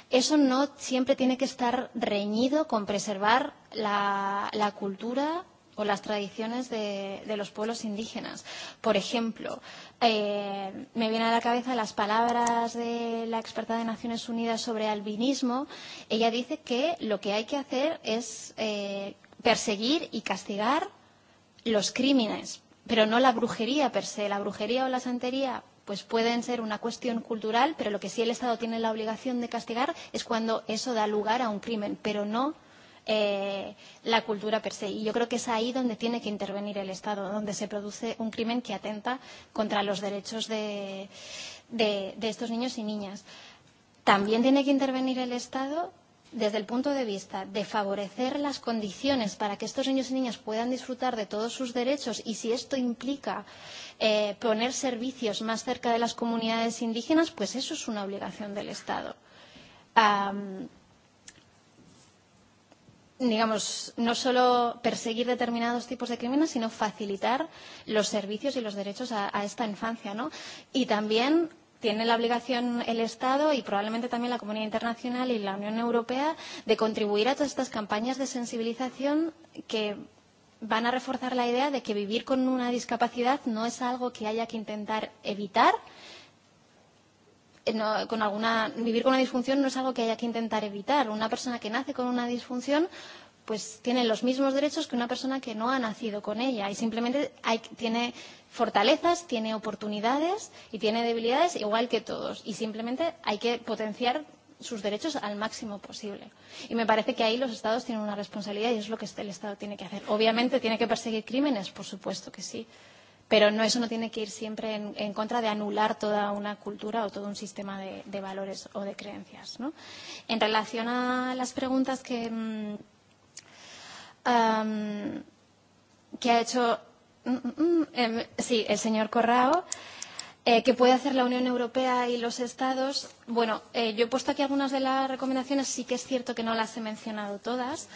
Eso no siempre tiene que estar reñido con preservar la cultura o las tradiciones de, de los pueblos indígenas. Por ejemplo, eh, me vienen a la cabeza las palabras de la experta de Naciones Unidas sobre albinismo. Ella dice que lo que hay que hacer es eh, perseguir y castigar los crímenes, pero no la brujería per se. La brujería o la santería pues pueden ser una cuestión cultural, pero lo que sí el Estado tiene la obligación de castigar es cuando eso da lugar a un crimen, pero no la cultura per se. Y yo creo que es ahí donde tiene que intervenir el Estado, donde se produce un crimen que atenta contra los derechos de estos niños y niñas. También tiene que intervenir el Estado desde el punto de vista de favorecer las condiciones para que estos niños y niñas puedan disfrutar de todos sus derechos y si esto implica eh, poner servicios más cerca de las comunidades indígenas, pues eso es una obligación del Estado. Um, digamos, no solo perseguir determinados tipos de crímenes, sino facilitar los servicios y los derechos a, a esta infancia, ¿no? Y también tiene la obligación el Estado y probablemente también la comunidad internacional y la Unión Europea de contribuir a todas estas campañas de sensibilización que van a reforzar la idea de que vivir con una discapacidad no es algo que haya que intentar evitar, con alguna vivir con una disfunción no es algo que haya que intentar evitar una persona que nace con una disfunción pues tiene los mismos derechos que una persona que no ha nacido con ella y simplemente hay tiene fortalezas tiene oportunidades y tiene debilidades igual que todos y simplemente hay que potenciar sus derechos al máximo posible. Y me parece que ahí los Estados tienen una responsabilidad y es lo que el Estado tiene que hacer. Obviamente tiene que perseguir crímenes, por supuesto que sí, pero no eso no tiene que ir siempre en, contra de anular toda una cultura o todo un sistema de, de valores o de creencias. ¿no? En relación a las preguntas que, um, que ha hecho sí, el señor Corrao, eh, que puede hacer la Unión Europea y los Estados. Bueno, eh, yo he puesto aquí algunas de las recomendaciones, sí que es cierto que no las he mencionado todas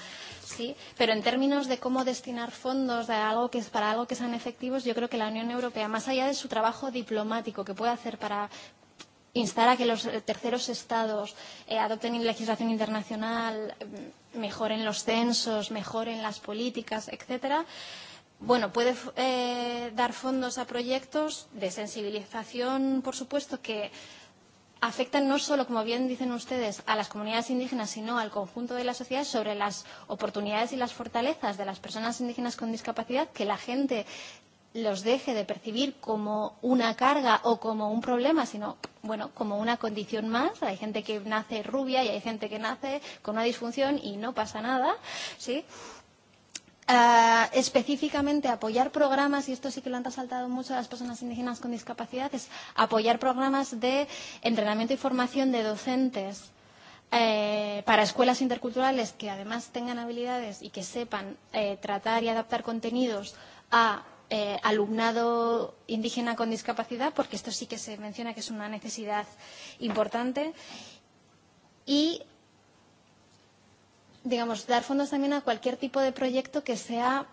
sí pero en términos de cómo destinar fondos de algo que es para algo que sean efectivos yo creo que la Unión Europea más allá de su trabajo diplomático que puede hacer para instar a que los terceros estados adopten legislación internacional mejoren los censos mejoren las políticas etcétera Bueno, puede eh, dar fondos a proyectos de sensibilización, por supuesto, que afectan no solo, como bien dicen ustedes, a las comunidades indígenas, sino al conjunto de la sociedad sobre las oportunidades y las fortalezas de las personas indígenas con discapacidad, que la gente los deje de percibir como una carga o como un problema, sino bueno, como una condición más. Hay gente que nace rubia y hay gente que nace con una disfunción y no pasa nada, ¿sí? específicamente apoyar programas, y esto sí que lo han resaltado mucho las personas indígenas con discapacidad, apoyar programas de entrenamiento y formación de docentes para escuelas interculturales que además tengan habilidades y que sepan tratar y adaptar contenidos a alumnado indígena con discapacidad, porque esto sí que se menciona que es una necesidad importante. Y digamos, dar fondos también a cualquier tipo de proyecto que sea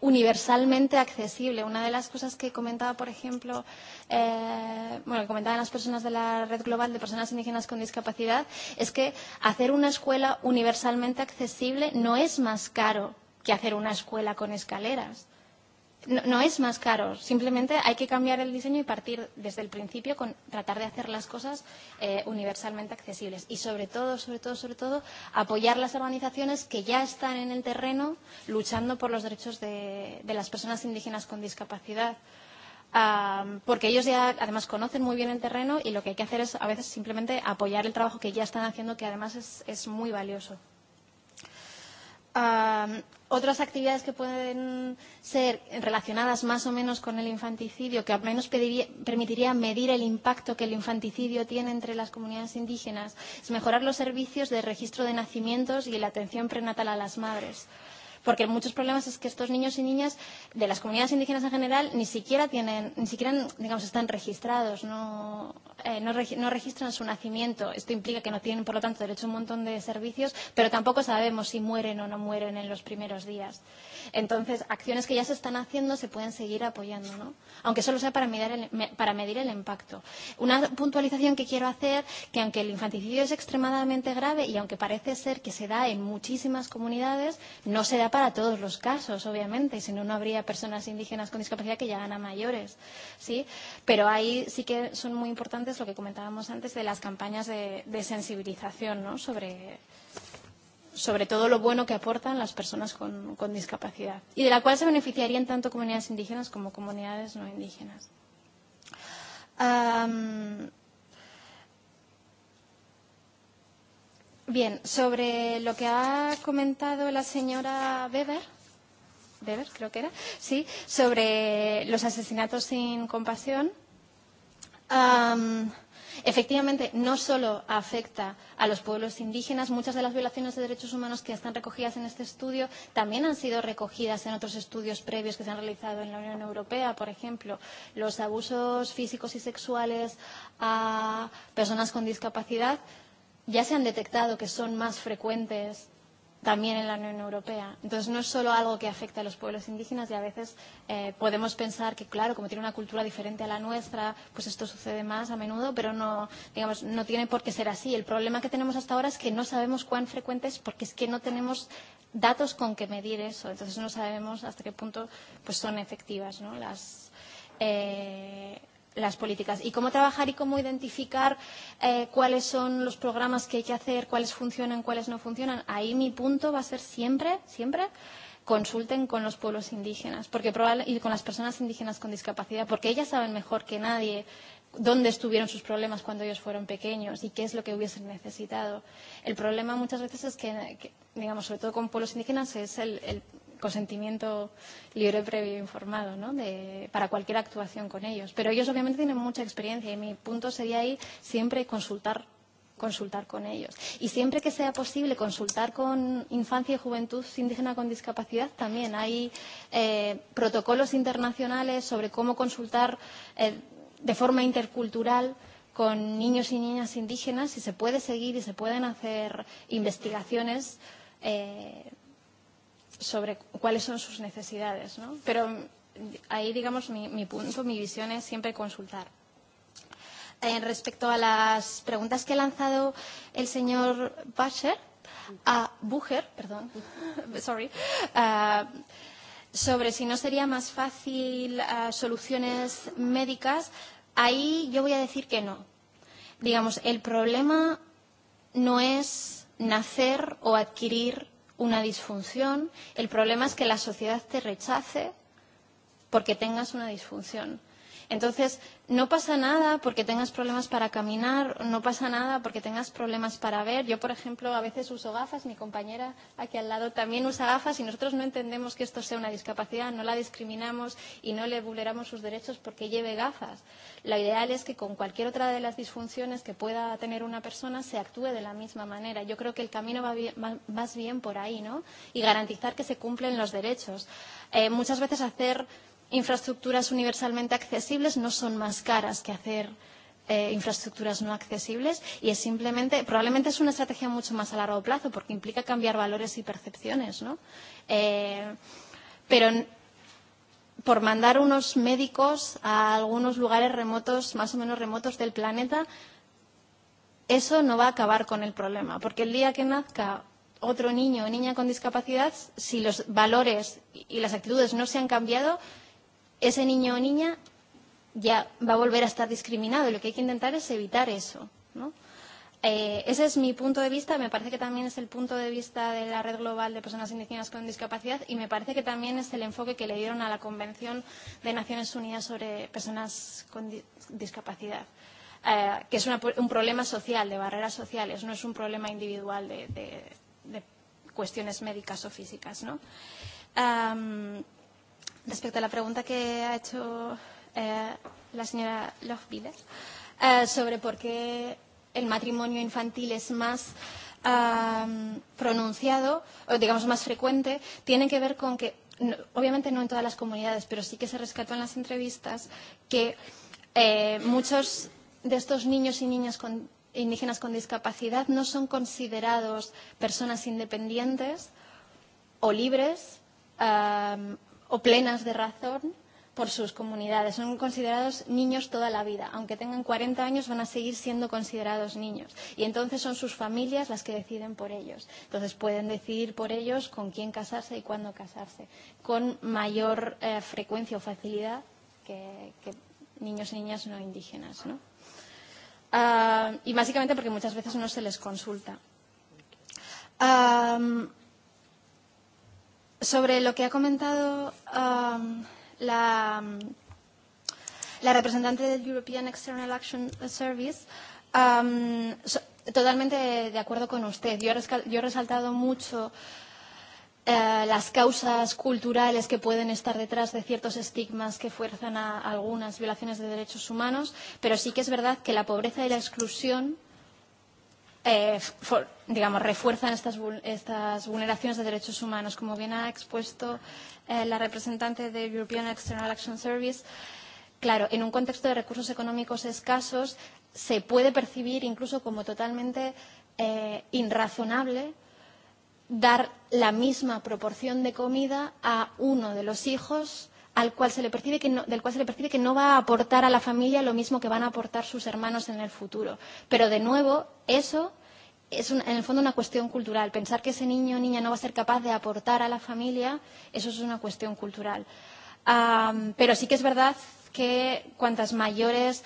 universalmente accesible. Una de las cosas que comentaba, por ejemplo, eh, bueno, que comentaban las personas de la Red Global de Personas Indígenas con Discapacidad, es que hacer una escuela universalmente accesible no es más caro que hacer una escuela con escaleras no es más caro, simplemente hay que cambiar el diseño y partir desde el principio con tratar de hacer las cosas universalmente accesibles y sobre todo, sobre todo, sobre todo apoyar las organizaciones que ya están en el terreno luchando por los derechos de de las personas indígenas con discapacidad porque ellos ya además conocen muy bien el terreno y lo que hay que hacer es a veces simplemente apoyar el trabajo que ya están haciendo que además es es muy valioso otras actividades que pueden ser relacionadas más o menos con el infanticidio, que al menos permitiría medir el impacto que el infanticidio tiene entre las comunidades indígenas, es mejorar los servicios de registro de nacimientos y la atención prenatal a las madres porque muchos problemas es que estos niños y niñas de las comunidades indígenas en general ni siquiera tienen, ni siquiera, digamos, están registrados, no, eh, no, no registran su nacimiento. Esto implica que no tienen, por lo tanto, derecho a un montón de servicios, pero tampoco sabemos si mueren o no mueren en los primeros días. Entonces, acciones que ya se están haciendo se pueden seguir apoyando, ¿no? Aunque solo sea para medir el, para medir el impacto. Una puntualización que quiero hacer, que aunque el infanticidio es extremadamente grave y aunque parece ser que se da en muchísimas comunidades, no se da para todos los casos, obviamente, si no, no habría personas indígenas con discapacidad que llegan a mayores, ¿sí? Pero ahí sí que son muy importantes lo que comentábamos antes de las campañas de, de sensibilización, ¿no? Sobre, sobre todo lo bueno que aportan las personas con, con discapacidad y de la cual se beneficiarían tanto comunidades indígenas como comunidades no indígenas. Um, bien, sobre lo que ha comentado la señora Weber, Weber creo que era, sí, sobre los asesinatos sin compasión. Um, Efectivamente, no solo afecta a los pueblos indígenas, muchas de las violaciones de derechos humanos que están recogidas en este estudio también han sido recogidas en otros estudios previos que se han realizado en la Unión Europea, por ejemplo, los abusos físicos y sexuales a personas con discapacidad ya se han detectado que son más frecuentes también en la Unión Europea. Entonces, no es solo algo que afecta a los pueblos indígenas y a veces eh podemos pensar que, claro, como tiene una cultura diferente a la nuestra, pues esto sucede más a menudo, pero no, digamos, no tiene por qué ser así. El problema que tenemos hasta ahora es que no sabemos cuán frecuente es porque es que no tenemos datos con que medir eso. Entonces, no sabemos hasta qué punto pues son efectivas ¿no? las, eh, las políticas y cómo trabajar y cómo identificar cuáles son los programas que hay que hacer, cuáles funcionan, cuáles no funcionan. Ahí mi punto va a ser siempre, siempre consulten con los pueblos indígenas porque y con las personas indígenas con discapacidad, porque ellas saben mejor que nadie dónde estuvieron sus problemas cuando ellos fueron pequeños y qué es lo que hubiesen necesitado. El problema muchas veces es que, digamos, sobre todo con pueblos indígenas, es el, el, consentimiento libre, previo informado ¿no? de, para cualquier actuación con ellos. Pero ellos obviamente tienen mucha experiencia y mi punto sería ahí siempre consultar consultar con ellos. Y siempre que sea posible consultar con infancia y juventud indígena con discapacidad, también hay eh, protocolos internacionales sobre cómo consultar de forma intercultural con niños y niñas indígenas y se puede seguir y se pueden hacer investigaciones eh, sobre cuáles son sus necesidades, ¿no? Pero ahí, digamos, mi, mi punto, mi visión es siempre consultar. Eh, respecto a las preguntas que ha lanzado el señor Bacher, a Bucher, perdón, sorry, sobre si no sería más fácil soluciones médicas, ahí yo voy a decir que no. Digamos, el problema no es nacer o adquirir una disfunción, el problema es que la sociedad te rechace porque tengas una disfunción. Entonces, no pasa nada porque tengas problemas para caminar, no pasa nada porque tengas problemas para ver. Yo, por ejemplo, a veces uso gafas, mi compañera aquí al lado también usa gafas y nosotros no entendemos que esto sea una discapacidad, no la discriminamos y no le vulneramos sus derechos porque lleve gafas. Lo ideal es que con cualquier otra de las disfunciones que pueda tener una persona se actúe de la misma manera. Yo creo que el camino va más bien por ahí, ¿no? Y garantizar que se cumplen los derechos. Eh, muchas veces hacer infraestructuras universalmente accesibles no son más caras que hacer infraestructuras no accesibles y es simplemente probablemente es una estrategia mucho más a largo plazo porque implica cambiar valores y percepciones no eh pero por mandar unos médicos a algunos lugares remotos más o menos remotos del planeta eso no va a acabar con el problema porque el día que nazca otro niño o niña con discapacidad si los valores y las actitudes no se han cambiado ese niño o niña ya va a volver a estar discriminado y lo que hay que intentar es evitar eso. ¿no? Eh, ese es mi punto de vista, me parece que también es el punto de vista de la Red Global de Personas Indígenas con Discapacidad y me parece que también es el enfoque que le dieron a la Convención de Naciones Unidas sobre Personas con Discapacidad, eh, que es un problema social, de barreras sociales, no es un problema individual de, de, de cuestiones médicas o físicas. ¿no? Um, respecto a la pregunta que ha hecho eh, la señora Lofbiles eh, sobre por qué el matrimonio infantil es más pronunciado, o digamos más frecuente, tiene que ver con que, obviamente no en todas las comunidades, pero sí que se rescató en las entrevistas que eh, muchos de estos niños y niñas con, indígenas con discapacidad no son considerados personas independientes o libres o plenas de razón por sus comunidades. Son considerados niños toda la vida. Aunque tengan 40 años van a seguir siendo considerados niños. Y entonces son sus familias las que deciden por ellos. Entonces pueden decidir por ellos con quién casarse y cuándo casarse. Con mayor frecuencia o facilidad que, que niños y niñas no indígenas. ¿no? y básicamente porque muchas veces no se les consulta. Um, Sobre lo que ha comentado la la representante del European External Action Service, totalmente de acuerdo con usted. Yo he resaltado mucho las causas culturales que pueden estar detrás de ciertos estigmas que fuerzan a algunas violaciones de derechos humanos, pero sí que es verdad que la pobreza y la exclusión digamos, refuerzan estas, estas vulneraciones de derechos humanos. Como bien ha expuesto la representante del European External Action Service, claro, en un contexto de recursos económicos escasos se puede percibir incluso como totalmente irrazonable dar la misma proporción de comida a uno de los hijos al cual se le percibe que no, del cual se le percibe que no va a aportar a la familia lo mismo que van a aportar sus hermanos en el futuro. Pero, de nuevo, eso es en el fondo una cuestión cultural. Pensar que ese niño o niña no va a ser capaz de aportar a la familia, eso es una cuestión cultural. Pero sí que es verdad que cuantas mayores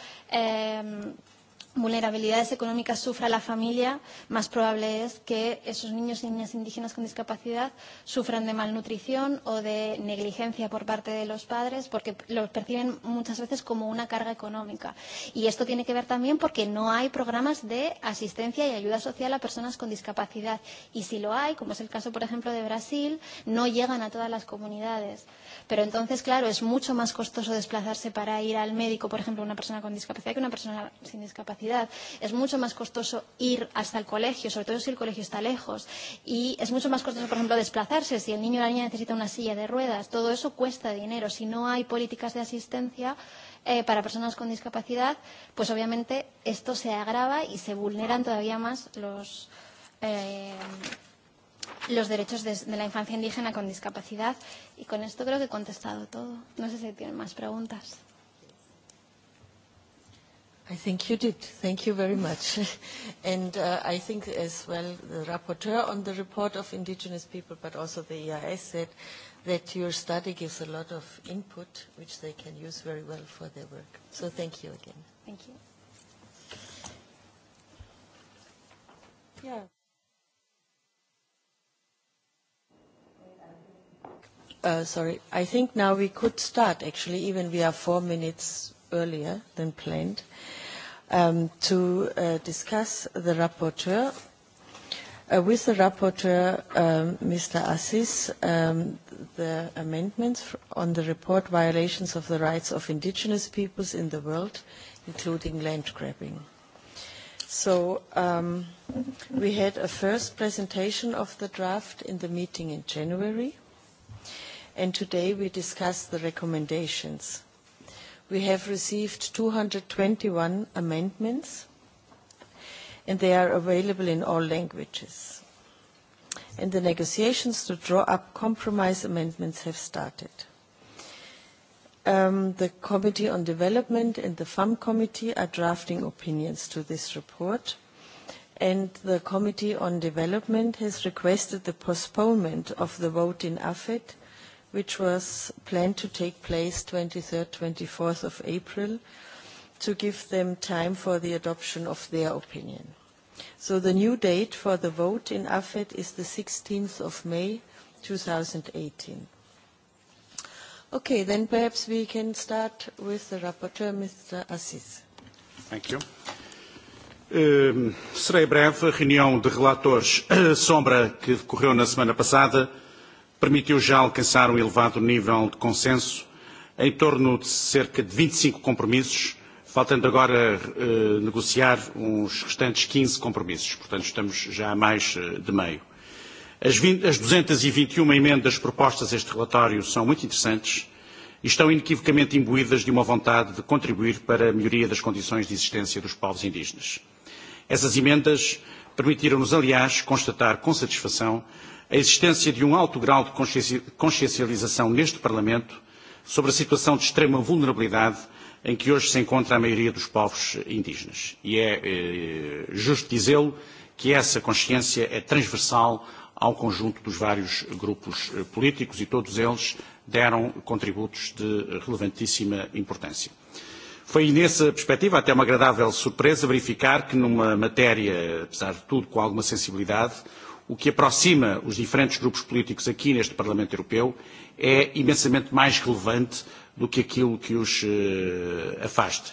vulnerabilidades económicas sufra la familia, más probable es que esos niños y niñas indígenas con discapacidad sufran de malnutrición o de negligencia por parte de los padres porque los perciben muchas veces como una carga económica. Y esto tiene que ver también porque no hay programas de asistencia y ayuda social a personas con discapacidad. Y si lo hay, como es el caso, por ejemplo, de Brasil, no llegan a todas las comunidades. Pero entonces, claro, es mucho más costoso desplazarse para ir al médico, por ejemplo, una persona con discapacidad que una persona sin discapacidad Es mucho más costoso ir hasta el colegio, sobre todo si el colegio está lejos. Y es mucho más costoso, por ejemplo, desplazarse. Si el niño o la niña necesita una silla de ruedas, todo eso cuesta dinero. Si no hay políticas de asistencia para personas con discapacidad, pues obviamente esto se agrava y se vulneran todavía más los los derechos de, de la infancia indígena con discapacidad. Y con esto creo que he contestado todo. No sé si tienen más preguntas. I think you did. Thank you very much. And I think as well the rapporteur on the report of indigenous people, but also the EIS said that your study gives a lot of input, which they can use very well for their work. So thank you again. Thank you. Yeah. Sorry. I think now we could start, actually, even we are four minutes earlier than planned, to discuss the rapporteur. With the rapporteur, Mr. Assis, the amendments on the report Violations of the Rights of Indigenous Peoples in the World, including land grabbing. So we had a first presentation of the draft in the meeting in January, and today we discussed the recommendations we have received 221 amendments and they are available in all languages. And the negotiations to draw up compromise amendments have started. The Committee on Development and the FAM Committee are drafting opinions to this report, and the Committee on Development has requested the postponement of the vote in AFET which was planned to take place 23rd, 24th of April, to give them time for the adoption of their opinion. So the new date for the vote in AFET is the 16th of May, 2018. Okay, then perhaps we can start with the rapporteur, Mr. Assis. Thank you. Serei breve. A reunião de relatores sombra que decorreu na semana passada permitiu já alcançar um elevado nível de consenso em torno de cerca de 25 compromissos, faltando agora negociar uns restantes 15 compromissos. Portanto, estamos já a mais de meio. As 221 emendas propostas a este relatório são muito interessantes e estão inequivocamente imbuídas de uma vontade de contribuir para a melhoria das condições de existência dos povos indígenas. Essas emendas permitiram-nos, aliás, constatar com satisfação a existência de um alto grau de consciencialização neste Parlamento sobre a situação de extrema vulnerabilidade em que hoje se encontra a maioria dos povos indígenas. E é justo dizê-lo que essa consciência é transversal ao conjunto dos vários grupos políticos e todos eles deram contributos de relevantíssima importância. Foi nessa perspectiva até uma agradável surpresa verificar que numa matéria, apesar de tudo, com alguma sensibilidade, o que aproxima os diferentes grupos políticos aqui neste Parlamento Europeu é imensamente mais relevante do que aquilo que os afasta.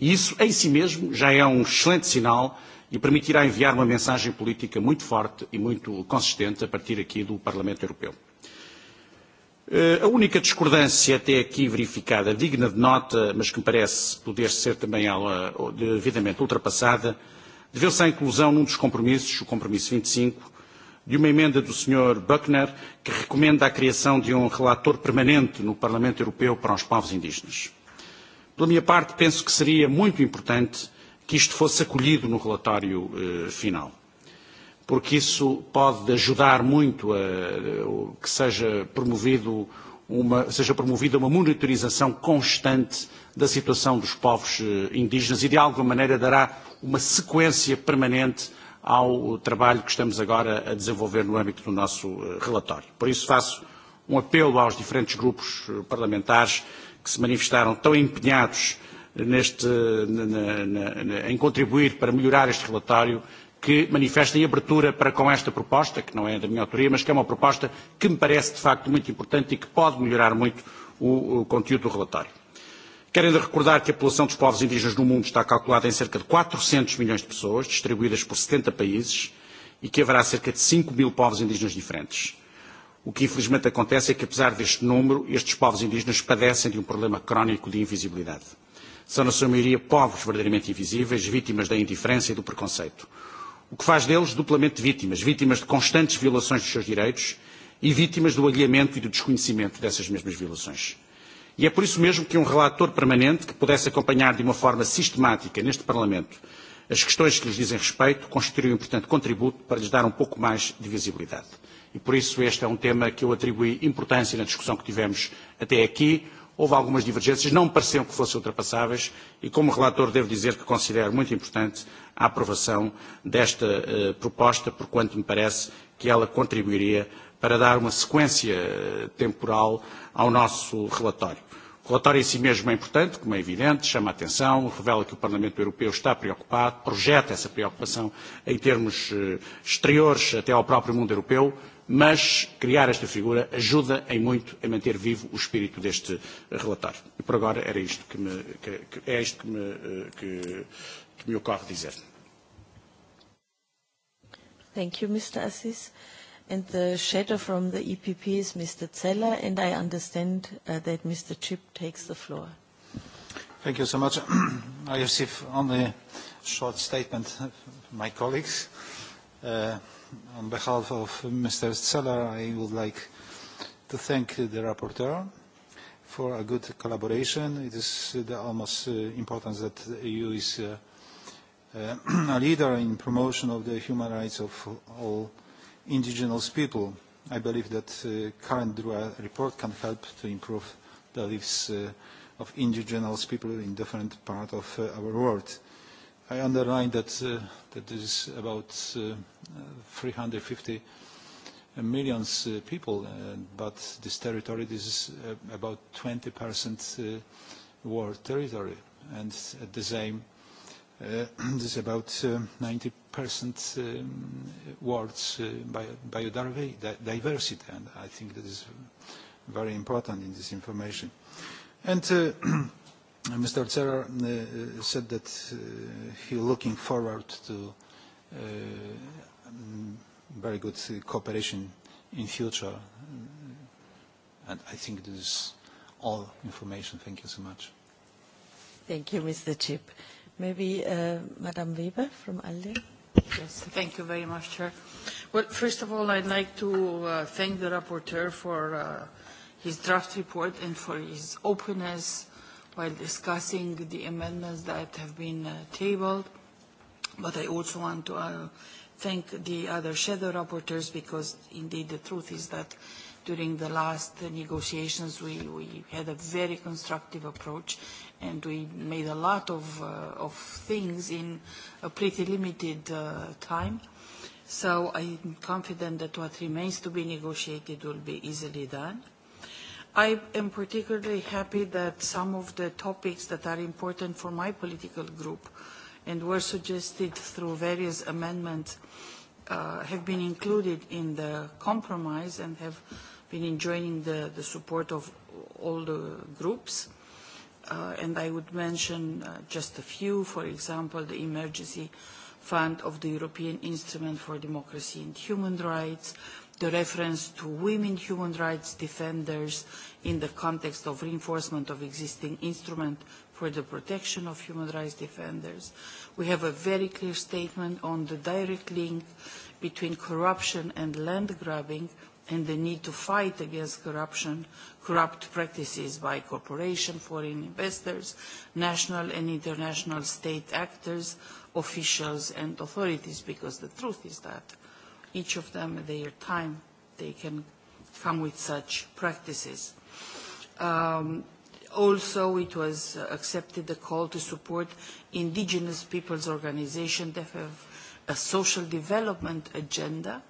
E isso, em si mesmo, já é um excelente sinal e permitirá enviar uma mensagem política muito forte e muito consistente a partir aqui do Parlamento Europeu. A única discordância até aqui verificada, digna de nota, mas que me parece poder ser também ela devidamente ultrapassada, deveu-se à inclusão num dos compromissos, o compromisso 25, de uma emenda do Sr. Buckner que recomenda a criação de um relator permanente no Parlamento Europeu para os povos indígenas. Pela minha parte, penso que seria muito importante que isto fosse acolhido no relatório final, porque isso pode ajudar muito a que seja promovido seja promovida uma monitorização constante da situação dos povos indígenas e de alguma maneira dará uma sequência permanente ao trabalho que estamos agora a desenvolver no âmbito do nosso relatório. Por isso faço um apelo aos diferentes grupos parlamentares que se manifestaram tão empenhados neste, em contribuir para melhorar este relatório, que manifestem abertura para com esta proposta, que não é da minha autoria, mas que é uma proposta que me parece de facto muito importante e que pode melhorar muito o conteúdo do relatório. Querem recordar que a população dos povos indígenas no mundo está calculada em cerca de 400 milhões de pessoas, distribuídas por 70 países, e que haverá cerca de 5 mil povos indígenas diferentes. O que infelizmente acontece é que, apesar deste número, estes povos indígenas padecem de um problema crónico de invisibilidade. São, na sua maioria, povos verdadeiramente invisíveis, vítimas da indiferença e do preconceito. O que faz deles duplamente vítimas, vítimas de constantes violações dos seus direitos e vítimas do alheamento e do desconhecimento dessas mesmas violações. E é por isso mesmo que um relator permanente que pudesse acompanhar de uma forma sistemática neste Parlamento as questões que lhes dizem respeito constituiria um importante contributo para lhes dar um pouco mais de visibilidade. E por isso este é um tema que eu atribuí importância na discussão que tivemos até aqui. Houve algumas divergências, não me pareciam que fossem ultrapassáveis e, como relator, devo dizer que considero muito importante a aprovação desta proposta, porquanto me parece que ela contribuiria para dar uma sequência temporal ao nosso relatório. O relatório em si mesmo é importante, como é evidente, chama a atenção, revela que o Parlamento Europeu está preocupado, projeta essa preocupação em termos exteriores até ao próprio mundo europeu, mas criar esta figura ajuda em muito a manter vivo o espírito deste relatório. E por agora era isto que me, que, é isto que me, que, que me ocorre dizer. Thank you, Mr. Assis. And the shadow from the EPP is Mr. Zeller, and I understand that Mr. Chip takes the floor. Thank you so much. I receive only a short statement from my colleagues. On behalf of Mr. Zeller, I would like to thank the rapporteur for a good collaboration. It is the almost important that the EU is a leader in promotion of the human rights of all indigenous people. I believe that the current report can help to improve the lives of indigenous people in different parts of our world. I underline that this is about 350 million people, but this territory this is about 20% world territory. And at the same This is about 90% words biodiversity, and I think that is very important in this information. And Mr. Zeller said that he looking forward to very good cooperation in future, and I think this is all information. Thank you so much. Thank you, Mr. Chip. Maybe Madam Weber from ALDE. Yes, thank you very much, Chair. Well, first of all, I'd like to thank the rapporteur for his draft report and for his openness while discussing the amendments that have been tabled. But I also want to thank the other shadow rapporteurs because, indeed, the truth is that during the last negotiations we had a very constructive approach and we made a lot of of things in a pretty limited time. So I'm confident that what remains to be negotiated will be easily done. I am particularly happy that some of the topics that are important for my political group and were suggested through various amendments have been included in the compromise and have been enjoying the support of all the groups and I would mention just a few, for example, the Emergency Fund of the European Instrument for Democracy and Human Rights, the reference to women human rights defenders in the context of reinforcement of existing instrument for the protection of human rights defenders. We have a very clear statement on the direct link between corruption and land grabbing, and the need to fight against corruption, corrupt practices by corporations, foreign investors, national and international state actors, officials and authorities, because the truth is that each of them at their time they can come with such practices. Also, it was accepted the call to support indigenous peoples' organizations that have a social development agenda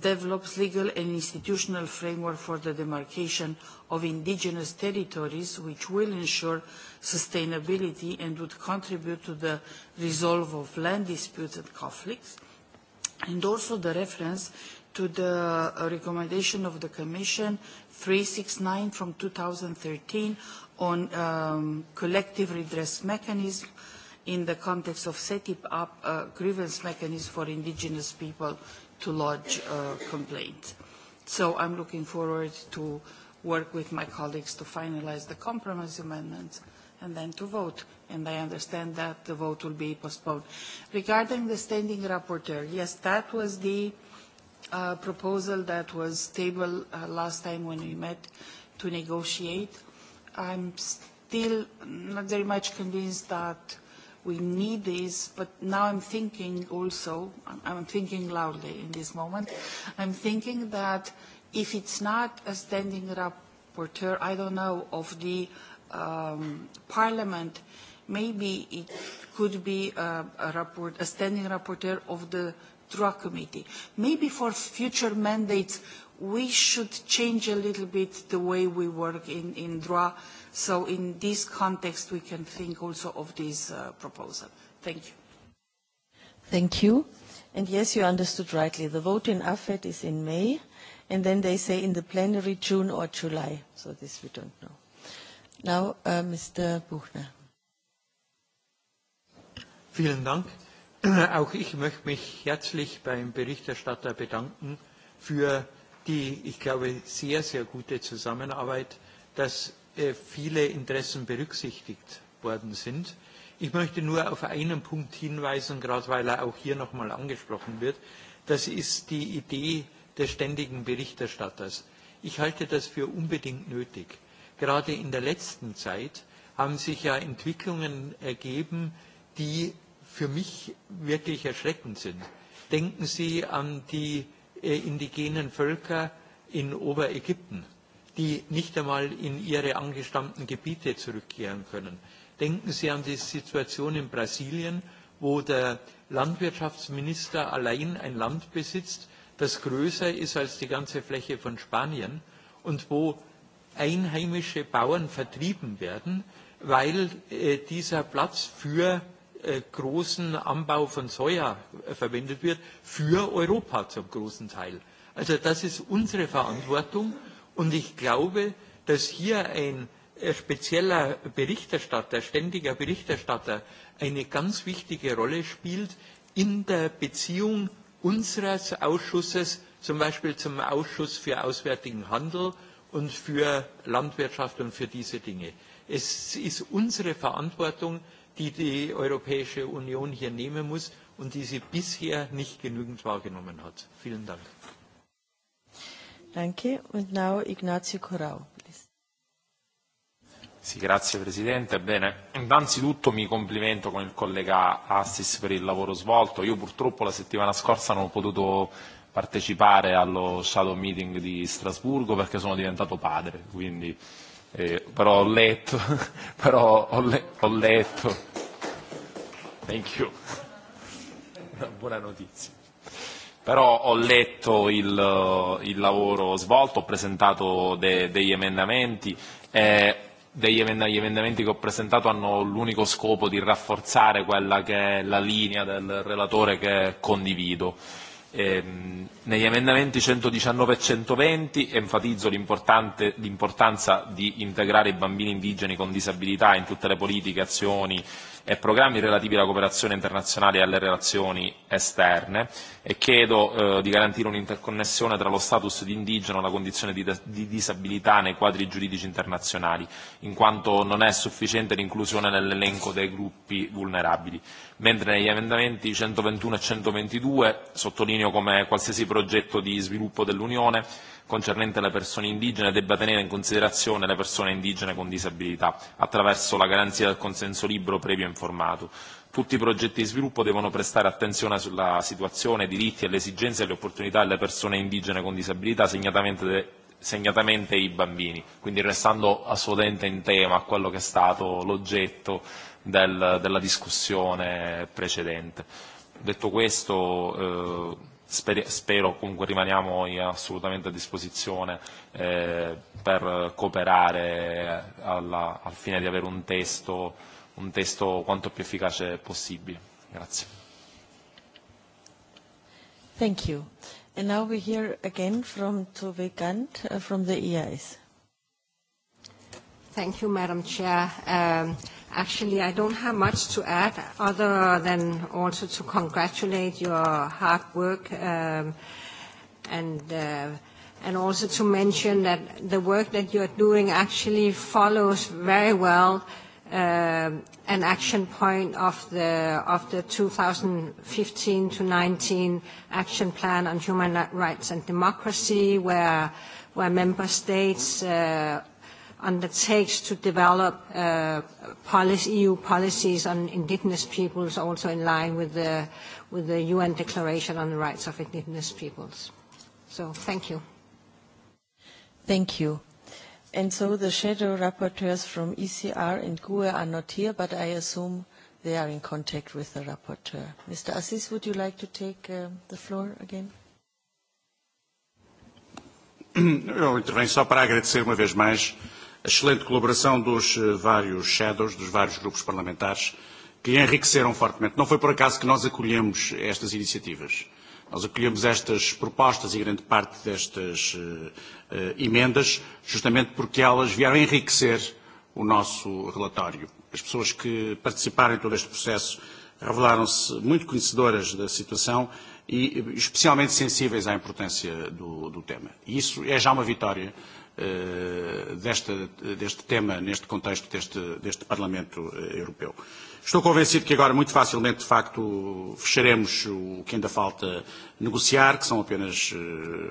develops legal and institutional framework for the demarcation of indigenous territories which will ensure sustainability and would contribute to the resolve of land disputes and conflicts and also the reference to the recommendation of the Commission 369 from 2013 on collective redress mechanism in the context of setting up a grievance mechanism for indigenous people to lodge a complaint. So I'm looking forward to work with my colleagues to finalize the compromise amendments and then to vote. And I understand that the vote will be postponed. Regarding the standing rapporteur, yes, that was the proposal that was tabled last time when we met to negotiate. I'm still not very much convinced that we need this, but now I'm thinking also, I'm thinking loudly in this moment, I'm thinking that if it's not a standing rapporteur, I don't know, of the Parliament, maybe it could be a standing rapporteur of the DRA committee. Maybe for future mandates, we should change a little bit the way we work in DRA So in this context, we can think also of this proposal. Thank you. Thank you. And yes, you understood rightly. The vote in AFET is in May, and then they say in the plenary June or July. So this we don't know. Now, Mr. Buchner. Vielen Dank. Auch ich möchte mich herzlich beim Berichterstatter bedanken für die, ich glaube, sehr, sehr gute Zusammenarbeit, dass viele Interessen berücksichtigt worden sind. Ich möchte nur auf einen Punkt hinweisen, gerade weil er auch hier noch einmal angesprochen wird. Das ist die Idee des ständigen Berichterstatters. Ich halte das für unbedingt nötig. Gerade in der letzten Zeit haben sich ja Entwicklungen ergeben, die für mich wirklich erschreckend sind. Denken Sie an die indigenen Völker in Oberägypten die nicht einmal in ihre angestammten Gebiete zurückkehren können. Denken Sie an die Situation in Brasilien, wo der Landwirtschaftsminister allein ein Land besitzt, das größer ist als die ganze Fläche von Spanien und wo einheimische Bauern vertrieben werden, weil dieser Platz für großen Anbau von Soja verwendet wird, für Europa zum großen Teil. Also das ist unsere Verantwortung Und ich glaube, dass hier ein spezieller Berichterstatter, ständiger Berichterstatter, eine ganz wichtige Rolle spielt in der Beziehung unseres Ausschusses, zum Beispiel zum Ausschuss für Auswärtigen Handel und für Landwirtschaft und für diese Dinge. Es ist unsere Verantwortung, die die Europäische Union hier nehmen muss und die sie bisher nicht genügend wahrgenommen hat. Vielen Dank. Signora now Ignazio grazie Presidente. Bene, innanzitutto mi complimento con il collega Assis per il lavoro svolto. Io purtroppo la settimana scorsa non ho potuto partecipare allo shadow meeting di Strasburgo perché sono diventato padre, quindi però ho letto, però ho, letto. Thank you. buona notizia però ho letto il, il lavoro svolto, ho presentato de, degli emendamenti e degli emendamenti che ho presentato hanno l'unico scopo di rafforzare quella che è la linea del relatore che condivido. Negli emendamenti 119 e 120 enfatizzo l'importanza di integrare i bambini indigeni con disabilità in tutte le politiche, azioni e programmi relativi alla cooperazione internazionale e alle relazioni esterne e chiedo di garantire un'interconnessione tra lo status di indigeno e la condizione di disabilità nei quadri giuridici internazionali, in quanto non è sufficiente l'inclusione nell'elenco dei gruppi vulnerabili mentre negli emendamenti 121 e 122 sottolineo come qualsiasi progetto di sviluppo dell'Unione concernente le persone indigene debba tenere in considerazione le persone indigene con disabilità attraverso la garanzia del consenso libero previo e informato. Tutti i progetti di sviluppo devono prestare attenzione sulla situazione, ai diritti, alle esigenze e le opportunità delle persone indigene con disabilità, segnatamente segnatamente i bambini, quindi restando assolutamente in tema a quello che è stato l'oggetto della discussione precedente. Detto questo, spero comunque rimaniamo assolutamente a disposizione per cooperare al fine di avere un testo un testo quanto più efficace possibile. Grazie. Thank you. And now we again from Tove from the EIS. Thank you, Madam Chair. Actually, I don't have much to add other than also to congratulate your hard work and and also to mention that the work that you are doing actually follows very well an action point of the of the 2015 to 19 action plan on human rights and democracy, where where member states undertakes to develop EU policies on indigenous peoples, also in line with the with the UN Declaration on the Rights of Indigenous Peoples. So, thank you. Thank you. And so the shadow rapporteurs from ECR and GUE are not here, but I assume they are in contact with the rapporteur. Mr. Assis, would you like to take the floor again? Eu também só para agradecer uma vez mais a excelente colaboração dos vários shadows, dos vários grupos parlamentares, que enriqueceram fortemente. Não foi por acaso que nós acolhemos estas iniciativas. Nós acolhemos estas propostas e grande parte destas emendas, justamente porque elas vieram enriquecer o nosso relatório. As pessoas que participaram em todo este processo revelaram-se muito conhecedoras da situação e especialmente sensíveis à importância do tema. E isso é já uma vitória deste tema neste contexto deste, deste Parlamento Europeu. Estou convencido que agora muito facilmente, de facto, fecharemos o que ainda falta negociar, que são apenas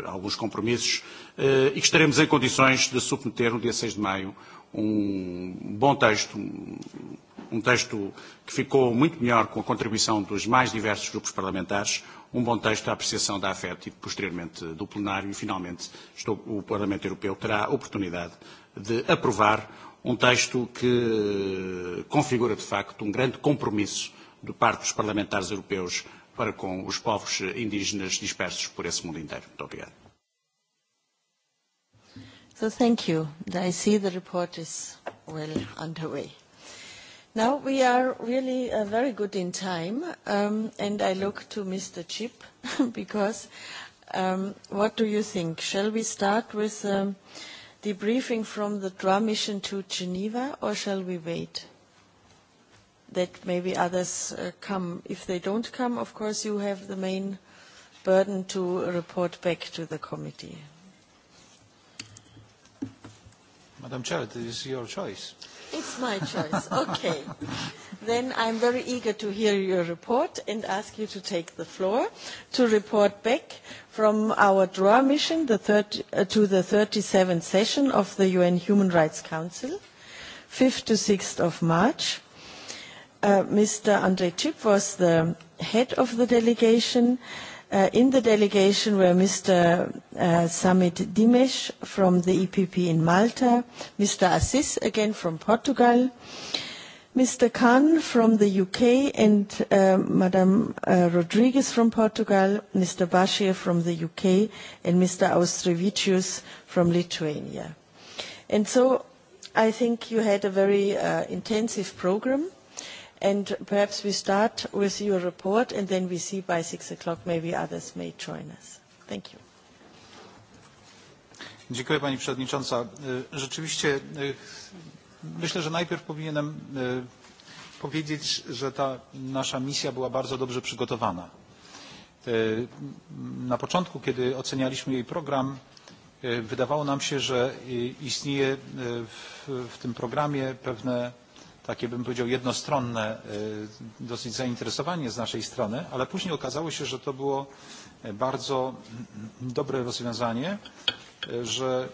alguns compromissos, e que estaremos em condições de submeter no dia 6 de maio um bom texto, um texto que ficou muito melhor com a contribuição dos mais diversos grupos parlamentares, um bom texto à apreciação da AFET e, posteriormente, do plenário. E, finalmente, o Parlamento Europeu terá a oportunidade de aprovar um texto que configura, de facto, um grande compromisso de parte dos parlamentares europeus para com os povos indígenas dispersos por esse mundo inteiro. Muito obrigado. So thank you. I see the report is well underway. Now we are really very good in time, and I look to Mr. Chip because what do you think? Shall we start with the briefing from the DRA mission to Geneva, or shall we wait? That maybe others come. If they don't come, of course, you have the main burden to report back to the committee. Madam Chair, this is your choice. It's my choice. Okay. Then I'm very eager to hear your report and ask you to take the floor to report back from our draw mission to the 37th session of the UN Human Rights Council, 5th to 6th of March. Mr. Andrei Chip was the head of the delegation in the delegation were Mr. Samit Dimesh from the EPP in Malta, Mr. Assis again from Portugal, Mr. Khan from the UK and Madam Rodriguez from Portugal, Mr. Bashir from the UK and Mr. Austrevicius from Lithuania. And so I think you had a very intensive program And perhaps we start with your report and then we see by six o'clock maybe others may join us. Thank you. Dziękuję Pani Przewodnicząca. Rzeczywiście myślę, że najpierw powinienem powiedzieć, że ta nasza misja była bardzo dobrze przygotowana. Na początku, kiedy ocenialiśmy jej program, wydawało nam się, że istnieje w tym programie pewne takie bym powiedział jednostronne dosyć zainteresowanie z naszej strony, ale później okazało się, że to było bardzo dobre rozwiązanie, że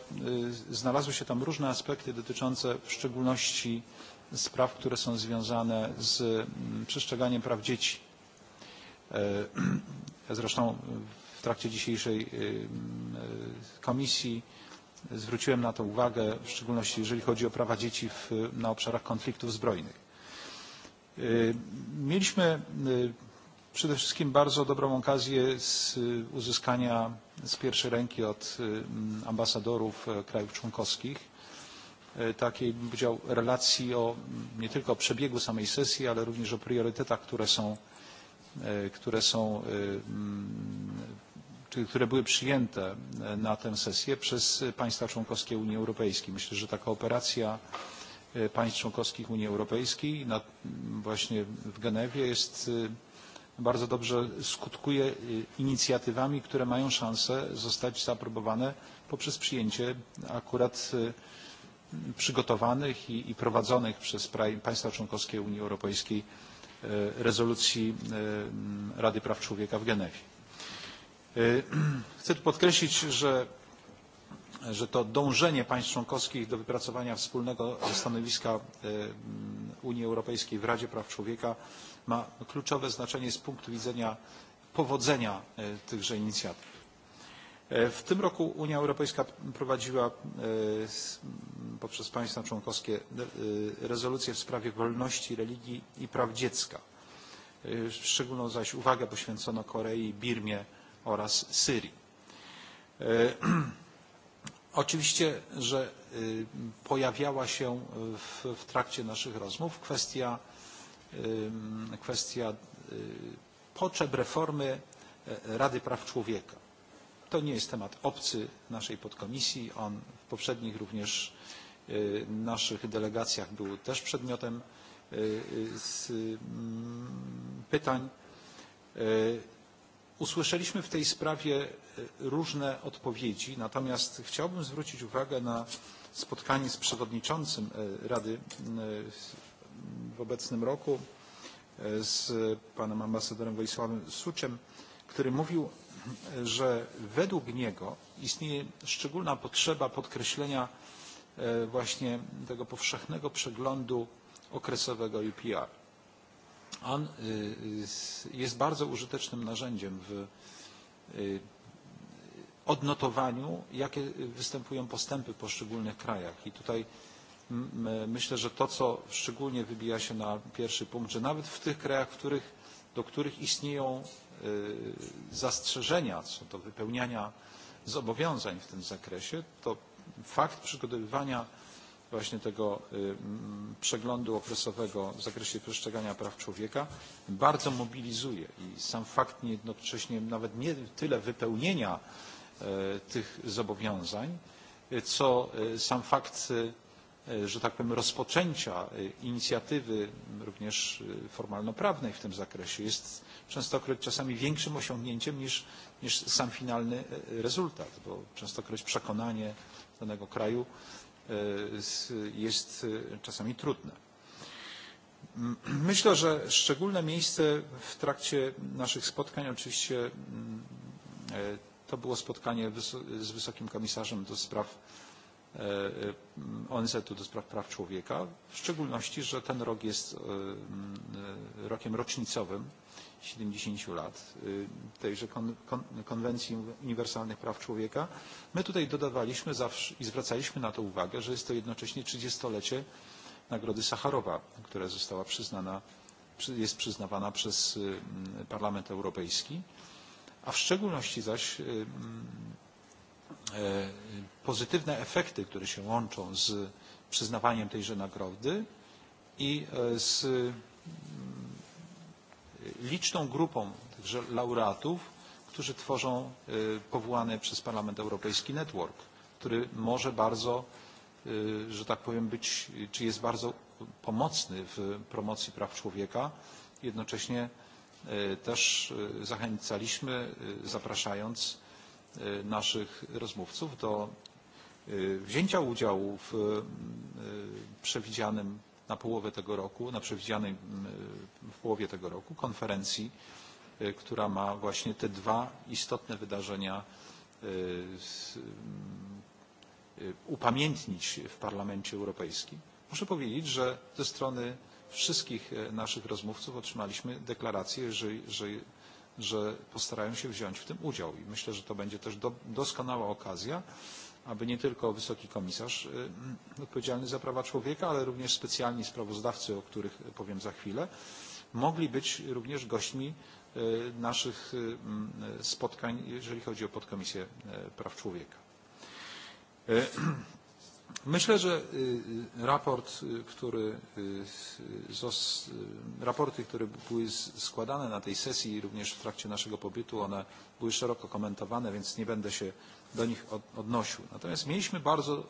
znalazły się tam różne aspekty dotyczące w szczególności spraw, które są związane z przestrzeganiem praw dzieci. Zresztą w trakcie dzisiejszej komisji Zwróciłem na to uwagę, w szczególności jeżeli chodzi o prawa dzieci na obszarach konfliktów zbrojnych. Mieliśmy przede wszystkim bardzo dobrą okazję z uzyskania z pierwszej ręki od ambasadorów krajów członkowskich takiej powiedział relacji o nie tylko o przebiegu samej sesji, ale również o priorytetach, które są które były przyjęte na tę sesję przez państwa członkowskie Unii Europejskiej. Myślę, że taka operacja państw członkowskich Unii Europejskiej właśnie w Genewie jest bardzo dobrze skutkuje inicjatywami, które mają szansę zostać zaaprobowane poprzez przyjęcie akurat przygotowanych i prowadzonych przez państwa członkowskie Unii Europejskiej rezolucji Rady Praw Człowieka w Genewie. Chcę tu podkreślić, że to dążenie państw członkowskich do wypracowania wspólnego stanowiska Unii Europejskiej w Radzie Praw Człowieka ma kluczowe znaczenie z punktu widzenia powodzenia tychże inicjatyw. W tym roku Unia Europejska prowadziła poprzez państwa członkowskie rezolucję w sprawie wolności religii i praw dziecka. Szczególną zaś uwagę poświęcono Korei Birmie oraz Syrii. Oczywiście, że pojawiała się w trakcie naszych rozmów kwestia kwestia potrzeb reformy Rady Praw Człowieka. To nie jest temat obcy naszej podkomisji. On w poprzednich również naszych delegacjach był też przedmiotem pytań. Usłyszeliśmy w tej sprawie różne odpowiedzi, natomiast chciałbym zwrócić uwagę na spotkanie z przewodniczącym Rady w obecnym roku z panem ambasadorem Wojsławem Suciem, który mówił, że według niego istnieje szczególna potrzeba podkreślenia właśnie tego powszechnego przeglądu okresowego UPR on jest bardzo użytecznym narzędziem w odnotowaniu, jakie występują postępy w poszczególnych krajach. I tutaj myślę, że to, co szczególnie wybija się na pierwszy punkt, że nawet w tych krajach, do których istnieją zastrzeżenia co do wypełniania zobowiązań w tym zakresie, to fakt przygotowywania właśnie tego przeglądu okresowego w zakresie przestrzegania praw człowieka bardzo mobilizuje i sam fakt jednocześnie nawet nie tyle wypełnienia tych zobowiązań, co sam fakt, że tak powiem, rozpoczęcia inicjatywy również formalno-prawnej w tym zakresie jest częstokroć czasami większym osiągnięciem niż, niż sam finalny rezultat, bo częstokroć przekonanie danego kraju jest czasami trudne. Myślę, że szczególne miejsce w trakcie naszych spotkań oczywiście to było spotkanie z Wysokim Komisarzem do spraw ONZ-u, do spraw praw człowieka, w szczególności, że ten rok jest rokiem rocznicowym 70 lat tejże konwencji uniwersalnych praw człowieka. My tutaj dodawaliśmy i zwracaliśmy na to uwagę, że jest to jednocześnie 30-lecie Nagrody Sacharowa, która została przyznana, jest przyznawana przez Parlament Europejski, a w szczególności zaś pozytywne efekty, które się łączą z przyznawaniem tejże nagrody i z liczną grupą także laureatów, którzy tworzą powołany przez Parlament Europejski network, który może bardzo, że tak powiem, być, czy jest bardzo pomocny w promocji praw człowieka. Jednocześnie też zachęcaliśmy, zapraszając naszych rozmówców do wzięcia udziału w przewidzianym na połowę tego roku, na przewidzianej w połowie tego roku konferencji, która ma właśnie te dwa istotne wydarzenia upamiętnić w Parlamencie Europejskim. Muszę powiedzieć, że ze strony wszystkich naszych rozmówców otrzymaliśmy deklarację, że postarają się wziąć w tym udział i myślę, że to będzie też doskonała okazja, aby nie tylko wysoki komisarz odpowiedzialny za prawa człowieka, ale również specjalni sprawozdawcy, o których powiem za chwilę, mogli być również gośćmi naszych spotkań, jeżeli chodzi o podkomisję praw człowieka. Myślę, że raport, który, raporty, które były składane na tej sesji, również w trakcie naszego pobytu, one były szeroko komentowane, więc nie będę się do nich odnosił. Natomiast mieliśmy bardzo,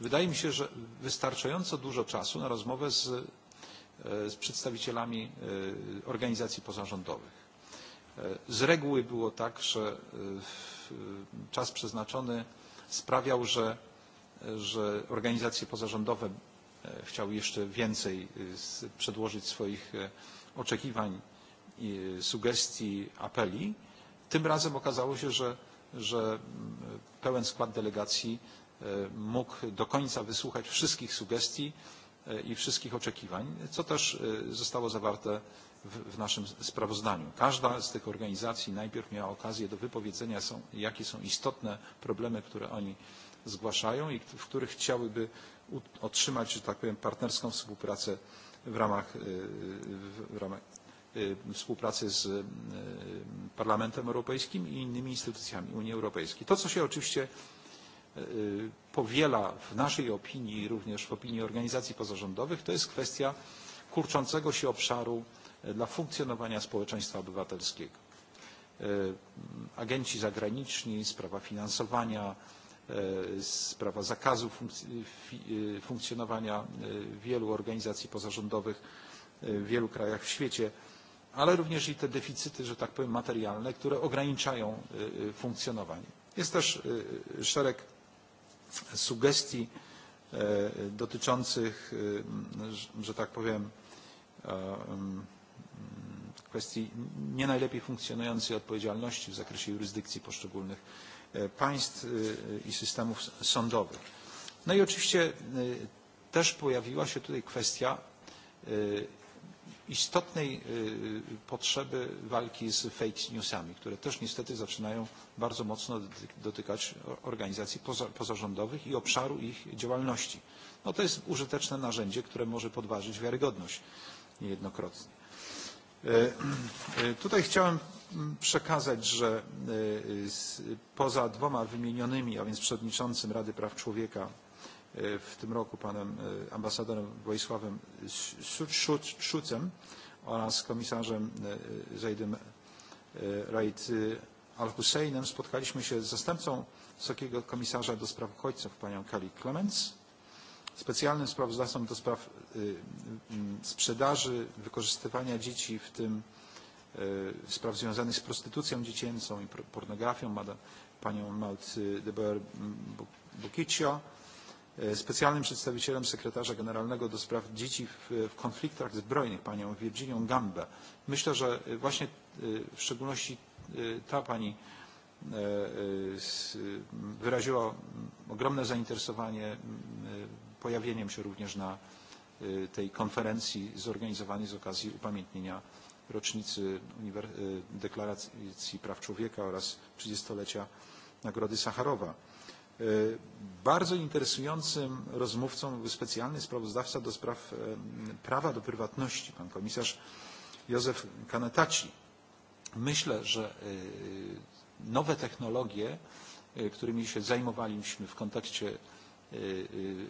wydaje mi się, że wystarczająco dużo czasu na rozmowę z przedstawicielami organizacji pozarządowych. Z reguły było tak, że czas przeznaczony sprawiał, że organizacje pozarządowe chciały jeszcze więcej przedłożyć swoich oczekiwań, sugestii, apeli. Tym razem okazało się, że że pełen skład delegacji mógł do końca wysłuchać wszystkich sugestii i wszystkich oczekiwań, co też zostało zawarte w naszym sprawozdaniu. Każda z tych organizacji najpierw miała okazję do wypowiedzenia, jakie są istotne problemy, które oni zgłaszają i w których chciałyby otrzymać, że tak powiem, partnerską współpracę w ramach współpracy z Parlamentem Europejskim i innymi instytucjami Unii Europejskiej. To, co się oczywiście powiela w naszej opinii, również w opinii organizacji pozarządowych, to jest kwestia kurczącego się obszaru dla funkcjonowania społeczeństwa obywatelskiego. Agenci zagraniczni, sprawa finansowania, sprawa zakazu funkcjonowania wielu organizacji pozarządowych w wielu krajach w świecie ale również i te deficyty, że tak powiem, materialne, które ograniczają funkcjonowanie. Jest też szereg sugestii dotyczących, że tak powiem, kwestii nie najlepiej funkcjonującej odpowiedzialności w zakresie jurysdykcji poszczególnych państw i systemów sądowych. No i oczywiście też pojawiła się tutaj kwestia istotnej potrzeby walki z fake newsami, które też niestety zaczynają bardzo mocno dotykać organizacji pozarządowych i obszaru ich działalności. to jest użyteczne narzędzie, które może podważyć wiarygodność niejednokrotnie. Tutaj chciałem przekazać, że poza dwoma wymienionymi, a więc przewodniczącym Rady Praw Człowieka w tym roku panem ambasadorem Wojsławem Szucem oraz komisarzem Zajdem Raid Al-Husseinem spotkaliśmy się z zastępcą wysokiego komisarza do spraw uchodźców, panią Kali Clements, specjalnym sprawozdawcą do spraw sprzedaży, wykorzystywania dzieci, w tym spraw związanych z prostytucją dziecięcą i pornografią, panią Maud de Boer Bukicio, specjalnym przedstawicielem sekretarza generalnego do spraw dzieci w konfliktach zbrojnych, panią Virginią Gambę. Myślę, że właśnie w szczególności ta pani wyraziła ogromne zainteresowanie pojawieniem się również na tej konferencji zorganizowanej z okazji upamiętnienia rocznicy Deklaracji Praw Człowieka oraz 30-lecia Nagrody Sacharowa. Bardzo interesującym rozmówcą był specjalny sprawozdawca do spraw prawa do prywatności, pan komisarz Józef Kanetaci. Myślę, że nowe technologie, którymi się zajmowaliśmy w kontekście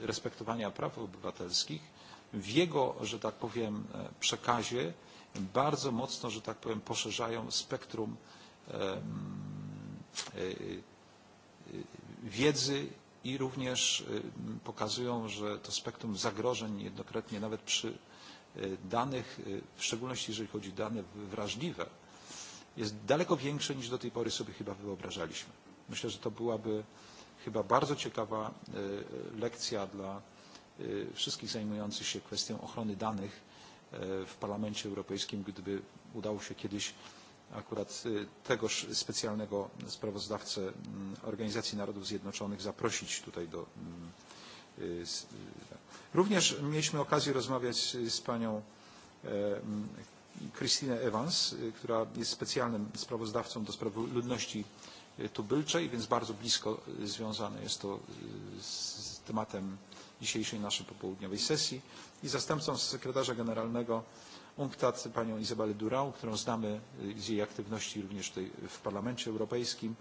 respektowania praw obywatelskich, w jego, że tak powiem, przekazie bardzo mocno, że tak powiem, poszerzają spektrum wiedzy i również pokazują, że to spektrum zagrożeń jednokrotnie nawet przy danych, w szczególności jeżeli chodzi o dane wrażliwe, jest daleko większe niż do tej pory sobie chyba wyobrażaliśmy. Myślę, że to byłaby chyba bardzo ciekawa lekcja dla wszystkich zajmujących się kwestią ochrony danych w Parlamencie Europejskim, gdyby udało się kiedyś akurat tegoż specjalnego sprawozdawcę Organizacji Narodów Zjednoczonych zaprosić tutaj do. Również mieliśmy okazję rozmawiać z panią Christine Evans, która jest specjalnym sprawozdawcą do spraw ludności tubylczej, więc bardzo blisko związane jest to z tematem dzisiejszej naszej popołudniowej sesji i zastępcą sekretarza generalnego UNCTAD, panią Izabelę Durau, którą znamy z jej aktywności również tutaj w Parlamencie Europejskim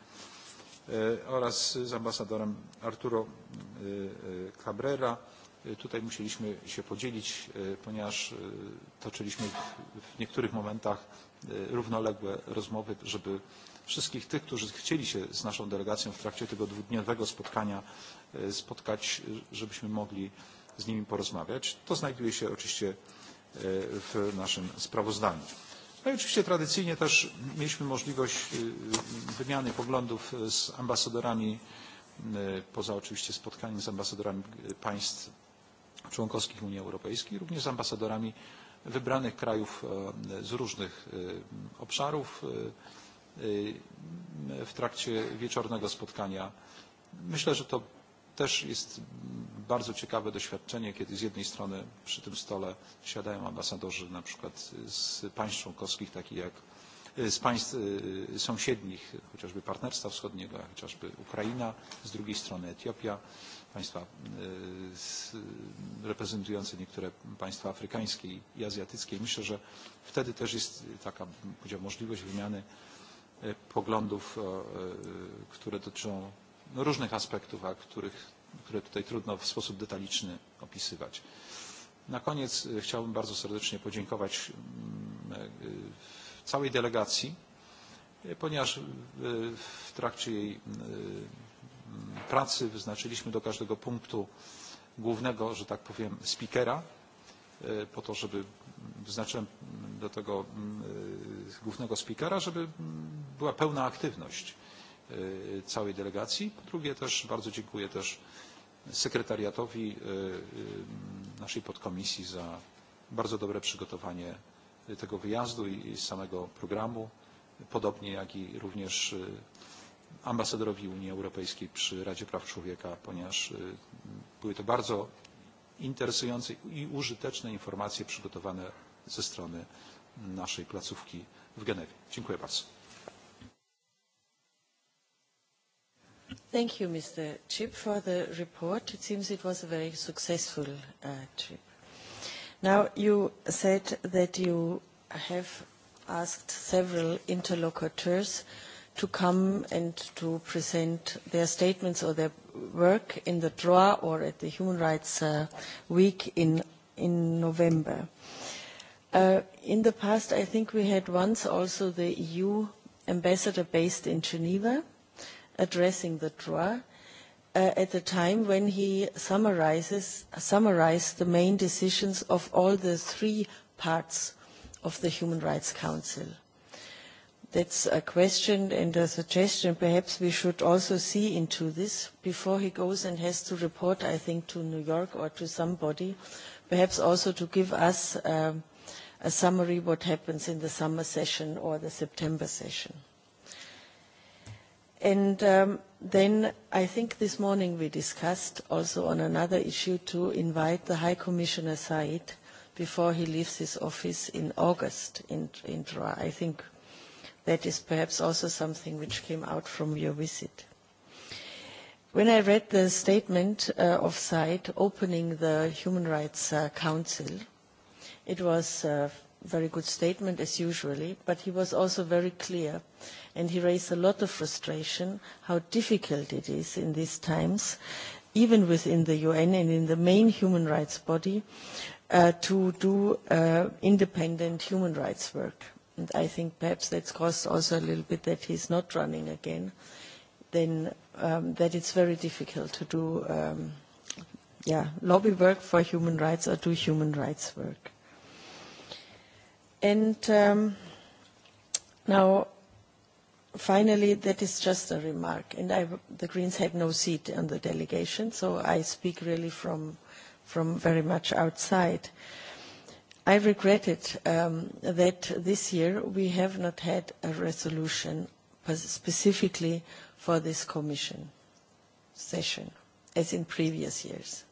oraz z ambasadorem Arturo Cabrera. Tutaj musieliśmy się podzielić, ponieważ toczyliśmy w niektórych momentach równoległe rozmowy, żeby wszystkich tych, którzy chcieli się z naszą delegacją w trakcie tego dwudniowego spotkania spotkać, żebyśmy mogli z nimi porozmawiać. To znajduje się oczywiście w naszym sprawozdaniu. No i oczywiście tradycyjnie też mieliśmy możliwość wymiany poglądów z ambasadorami, poza oczywiście spotkaniem z ambasadorami państw członkowskich Unii Europejskiej, również z ambasadorami wybranych krajów z różnych obszarów w trakcie wieczornego spotkania. Myślę, że to Też jest bardzo ciekawe doświadczenie, kiedy z jednej strony przy tym stole siadają ambasadorzy na przykład z państw członkowskich, takich jak z państw sąsiednich, chociażby Partnerstwa Wschodniego, chociażby Ukraina, z drugiej strony Etiopia, państwa reprezentujące niektóre państwa afrykańskie i azjatyckie. Myślę, że wtedy też jest taka możliwość wymiany poglądów, które dotyczą różnych aspektów, które tutaj trudno w sposób detaliczny opisywać. Na koniec chciałbym bardzo serdecznie podziękować całej delegacji, ponieważ w trakcie jej pracy wyznaczyliśmy do każdego punktu głównego, że tak powiem, speakera, po to, żeby wyznaczyłem do tego głównego speakera, żeby była pełna aktywność całej delegacji. Po drugie też bardzo dziękuję też sekretariatowi naszej podkomisji za bardzo dobre przygotowanie tego wyjazdu i samego programu, podobnie jak i również ambasadorowi Unii Europejskiej przy Radzie Praw Człowieka, ponieważ były to bardzo interesujące i użyteczne informacje przygotowane ze strony naszej placówki w Genewie. Dziękuję bardzo. Thank you, Mr. Chip, for the report. It seems it was a very successful trip. Now, you said that you have asked several interlocutors to come and to present their statements or their work in the DROA or at the Human Rights Week in November. In the past, I think we had once also the EU ambassador based in Geneva addressing the droit, at the time when he summarizes summarized the main decisions of all the three parts of the Human Rights Council. That's a question and a suggestion. Perhaps we should also see into this before he goes and has to report, I think, to New York or to somebody, perhaps also to give us a summary what happens in the summer session or the September session. And then I think this morning we discussed also on another issue to invite the High Commissioner Said before he leaves his office in August in I think that is perhaps also something which came out from your visit. When I read the statement of Said opening the Human Rights Council, it was a very good statement as usually, but he was also very clear and he raised a lot of frustration how difficult it is in these times, even within the UN and in the main human rights body, to do independent human rights work. And I think perhaps that's caused also a little bit that he's not running again, then that it's very difficult to do lobby work for human rights or do human rights work. And now Finally, that is just a remark, and the Greens had no seat on the delegation, so I speak really from very much outside. I regretted that this year we have not had a resolution specifically for this Commission session, as in previous years.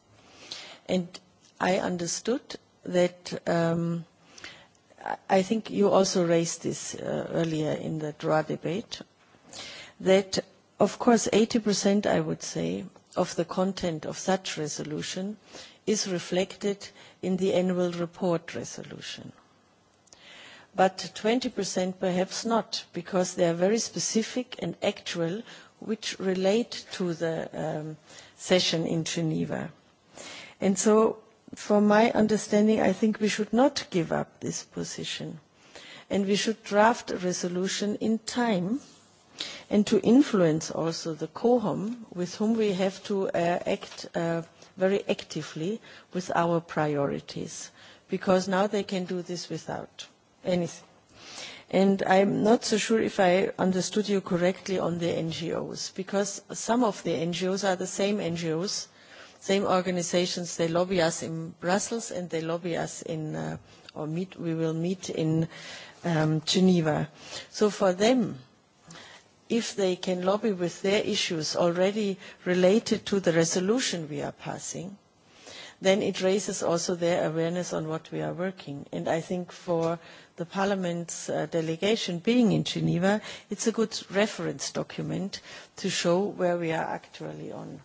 And I understood that I think you also raised this earlier in the draw debate, that of course 80% I would say of the content of such resolution is reflected in the annual report resolution. But 20% perhaps not, because they are very specific and actual, which relate to the session in Geneva. And so from my understanding, I think we should not give up this position. And we should draft a resolution in time and to influence also the COHOM with whom we have to act very actively with our priorities because now they can do this without anything. And I'm not so sure if I understood you correctly on the NGOs because some of the NGOs are the same NGOs same organisations they lobby us in Brussels and they lobby us in, or meet, we will meet in Geneva. So for them, if they can lobby with their issues already related to the resolution we are passing, then it raises also their awareness on what we are working. And I think for the Parliament's delegation being in Geneva, it's a good reference document to show where we are actually on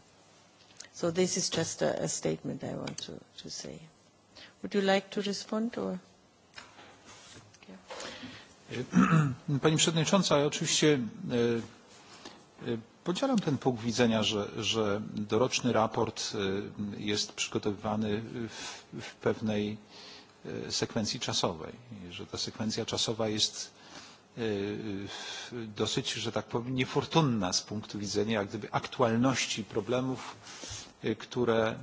this is just a statement I want to say. Would you like to respond or? Pani Przewodnicząca, ja oczywiście podzielam ten punkt widzenia, że doroczny raport jest przygotowywany w pewnej sekwencji czasowej, że ta sekwencja czasowa jest dosyć, że tak powiem, niefortunna z punktu widzenia jak gdyby aktualności problemów które,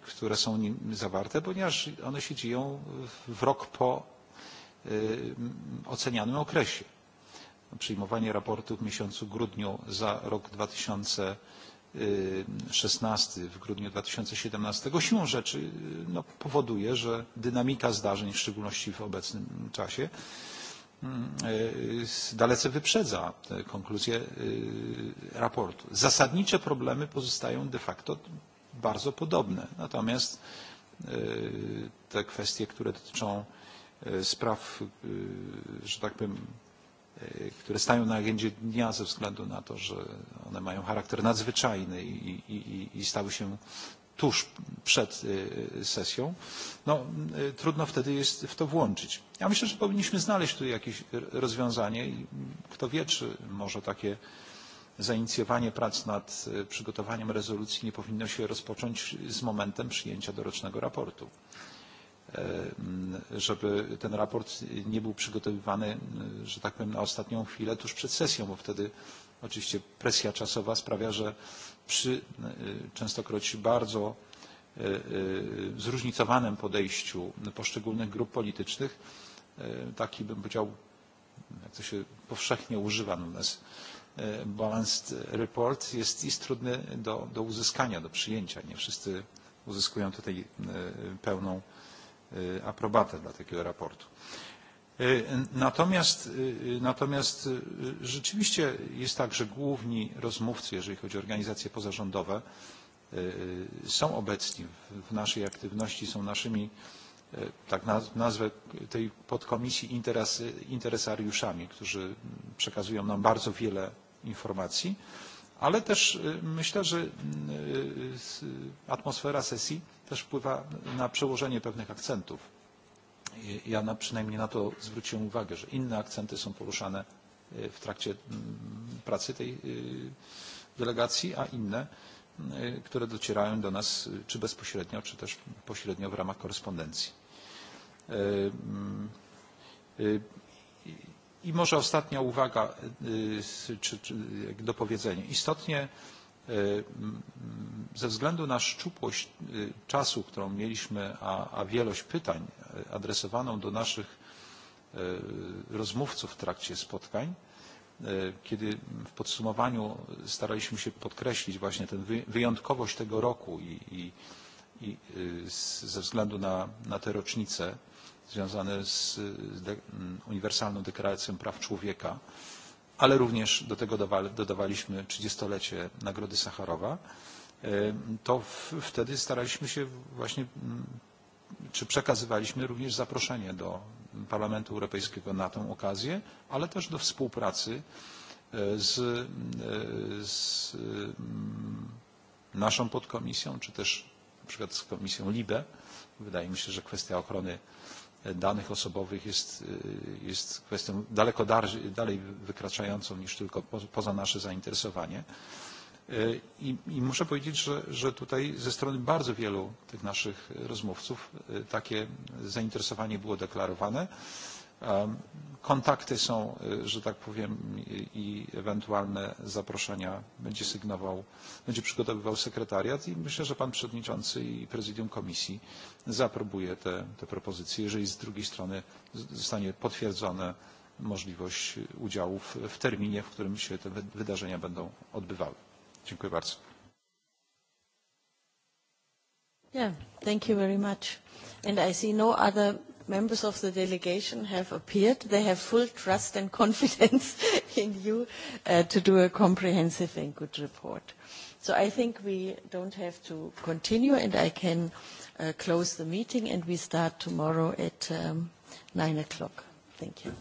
które są nim zawarte, ponieważ one się dzieją w rok po ocenianym okresie. Przyjmowanie raportu w miesiącu grudniu za rok 2016, w grudniu 2017 siłą rzeczy powoduje, że dynamika zdarzeń, w szczególności w obecnym czasie, dalece wyprzedza konkluzję raportu. Zasadnicze problemy pozostają de facto bardzo podobne. Natomiast te kwestie, które dotyczą spraw, że tak powiem, które stają na agendzie dnia ze względu na to, że one mają charakter nadzwyczajny i stały się tuż przed sesją, no trudno wtedy jest w to włączyć. Ja myślę, że powinniśmy znaleźć tu jakieś rozwiązanie i kto wie, czy może takie zainicjowanie prac nad przygotowaniem rezolucji nie powinno się rozpocząć z momentem przyjęcia dorocznego raportu żeby ten raport nie był przygotowywany, że tak powiem, na ostatnią chwilę tuż przed sesją, bo wtedy oczywiście presja czasowa sprawia, że przy częstokroć bardzo zróżnicowanym podejściu poszczególnych grup politycznych, taki bym powiedział, jak to się powszechnie używa u nas, balanced report jest, jest trudny do, do uzyskania, do przyjęcia. Nie wszyscy uzyskują tutaj pełną aprobatę dla takiego raportu. Natomiast rzeczywiście jest tak, że główni rozmówcy, jeżeli chodzi o organizacje pozarządowe, są obecni w naszej aktywności, są naszymi, tak nazwę tej podkomisji, interesariuszami, którzy przekazują nam bardzo wiele informacji, ale też myślę, że atmosfera sesji też wpływa na przełożenie pewnych akcentów ja przynajmniej na to zwróciłem uwagę, że inne akcenty są poruszane w trakcie pracy tej delegacji, a inne, które docierają do nas czy bezpośrednio, czy też pośrednio w ramach korespondencji. I może ostatnia uwaga, czy dopowiedzenie. Istotnie ze względu na szczupłość czasu, którą mieliśmy, a wielość pytań adresowaną do naszych rozmówców w trakcie spotkań, kiedy w podsumowaniu staraliśmy się podkreślić właśnie tę wyjątkowość tego roku i ze względu na te rocznice związane z Uniwersalną Deklaracją Praw Człowieka, ale również do tego dodawaliśmy 30-lecie Nagrody Sacharowa, to wtedy staraliśmy się właśnie, czy przekazywaliśmy również zaproszenie do Parlamentu Europejskiego na tę okazję, ale też do współpracy z naszą podkomisją, czy też na przykład z Komisją LIBE. Wydaje mi się, że kwestia ochrony danych osobowych jest kwestią daleko dalej wykraczającą niż tylko poza nasze zainteresowanie. I muszę powiedzieć, że tutaj ze strony bardzo wielu tych naszych rozmówców takie zainteresowanie było deklarowane. Kontakty są, że tak powiem, i ewentualne zaproszenia będzie sygnował, będzie przygotowywał sekretariat i myślę, że pan przewodniczący i prezydium komisji zaaprobuje te propozycje, jeżeli z drugiej strony zostanie potwierdzona możliwość udziału w terminie, w którym się te wydarzenia będą odbywały. Dziękuję bardzo. thank you very much. And I see no other members of the delegation have appeared. They have full trust and confidence in you to do a comprehensive and good report. So I think we don't have to continue, and I can close the meeting, and we start tomorrow at 9 o'clock. Thank you.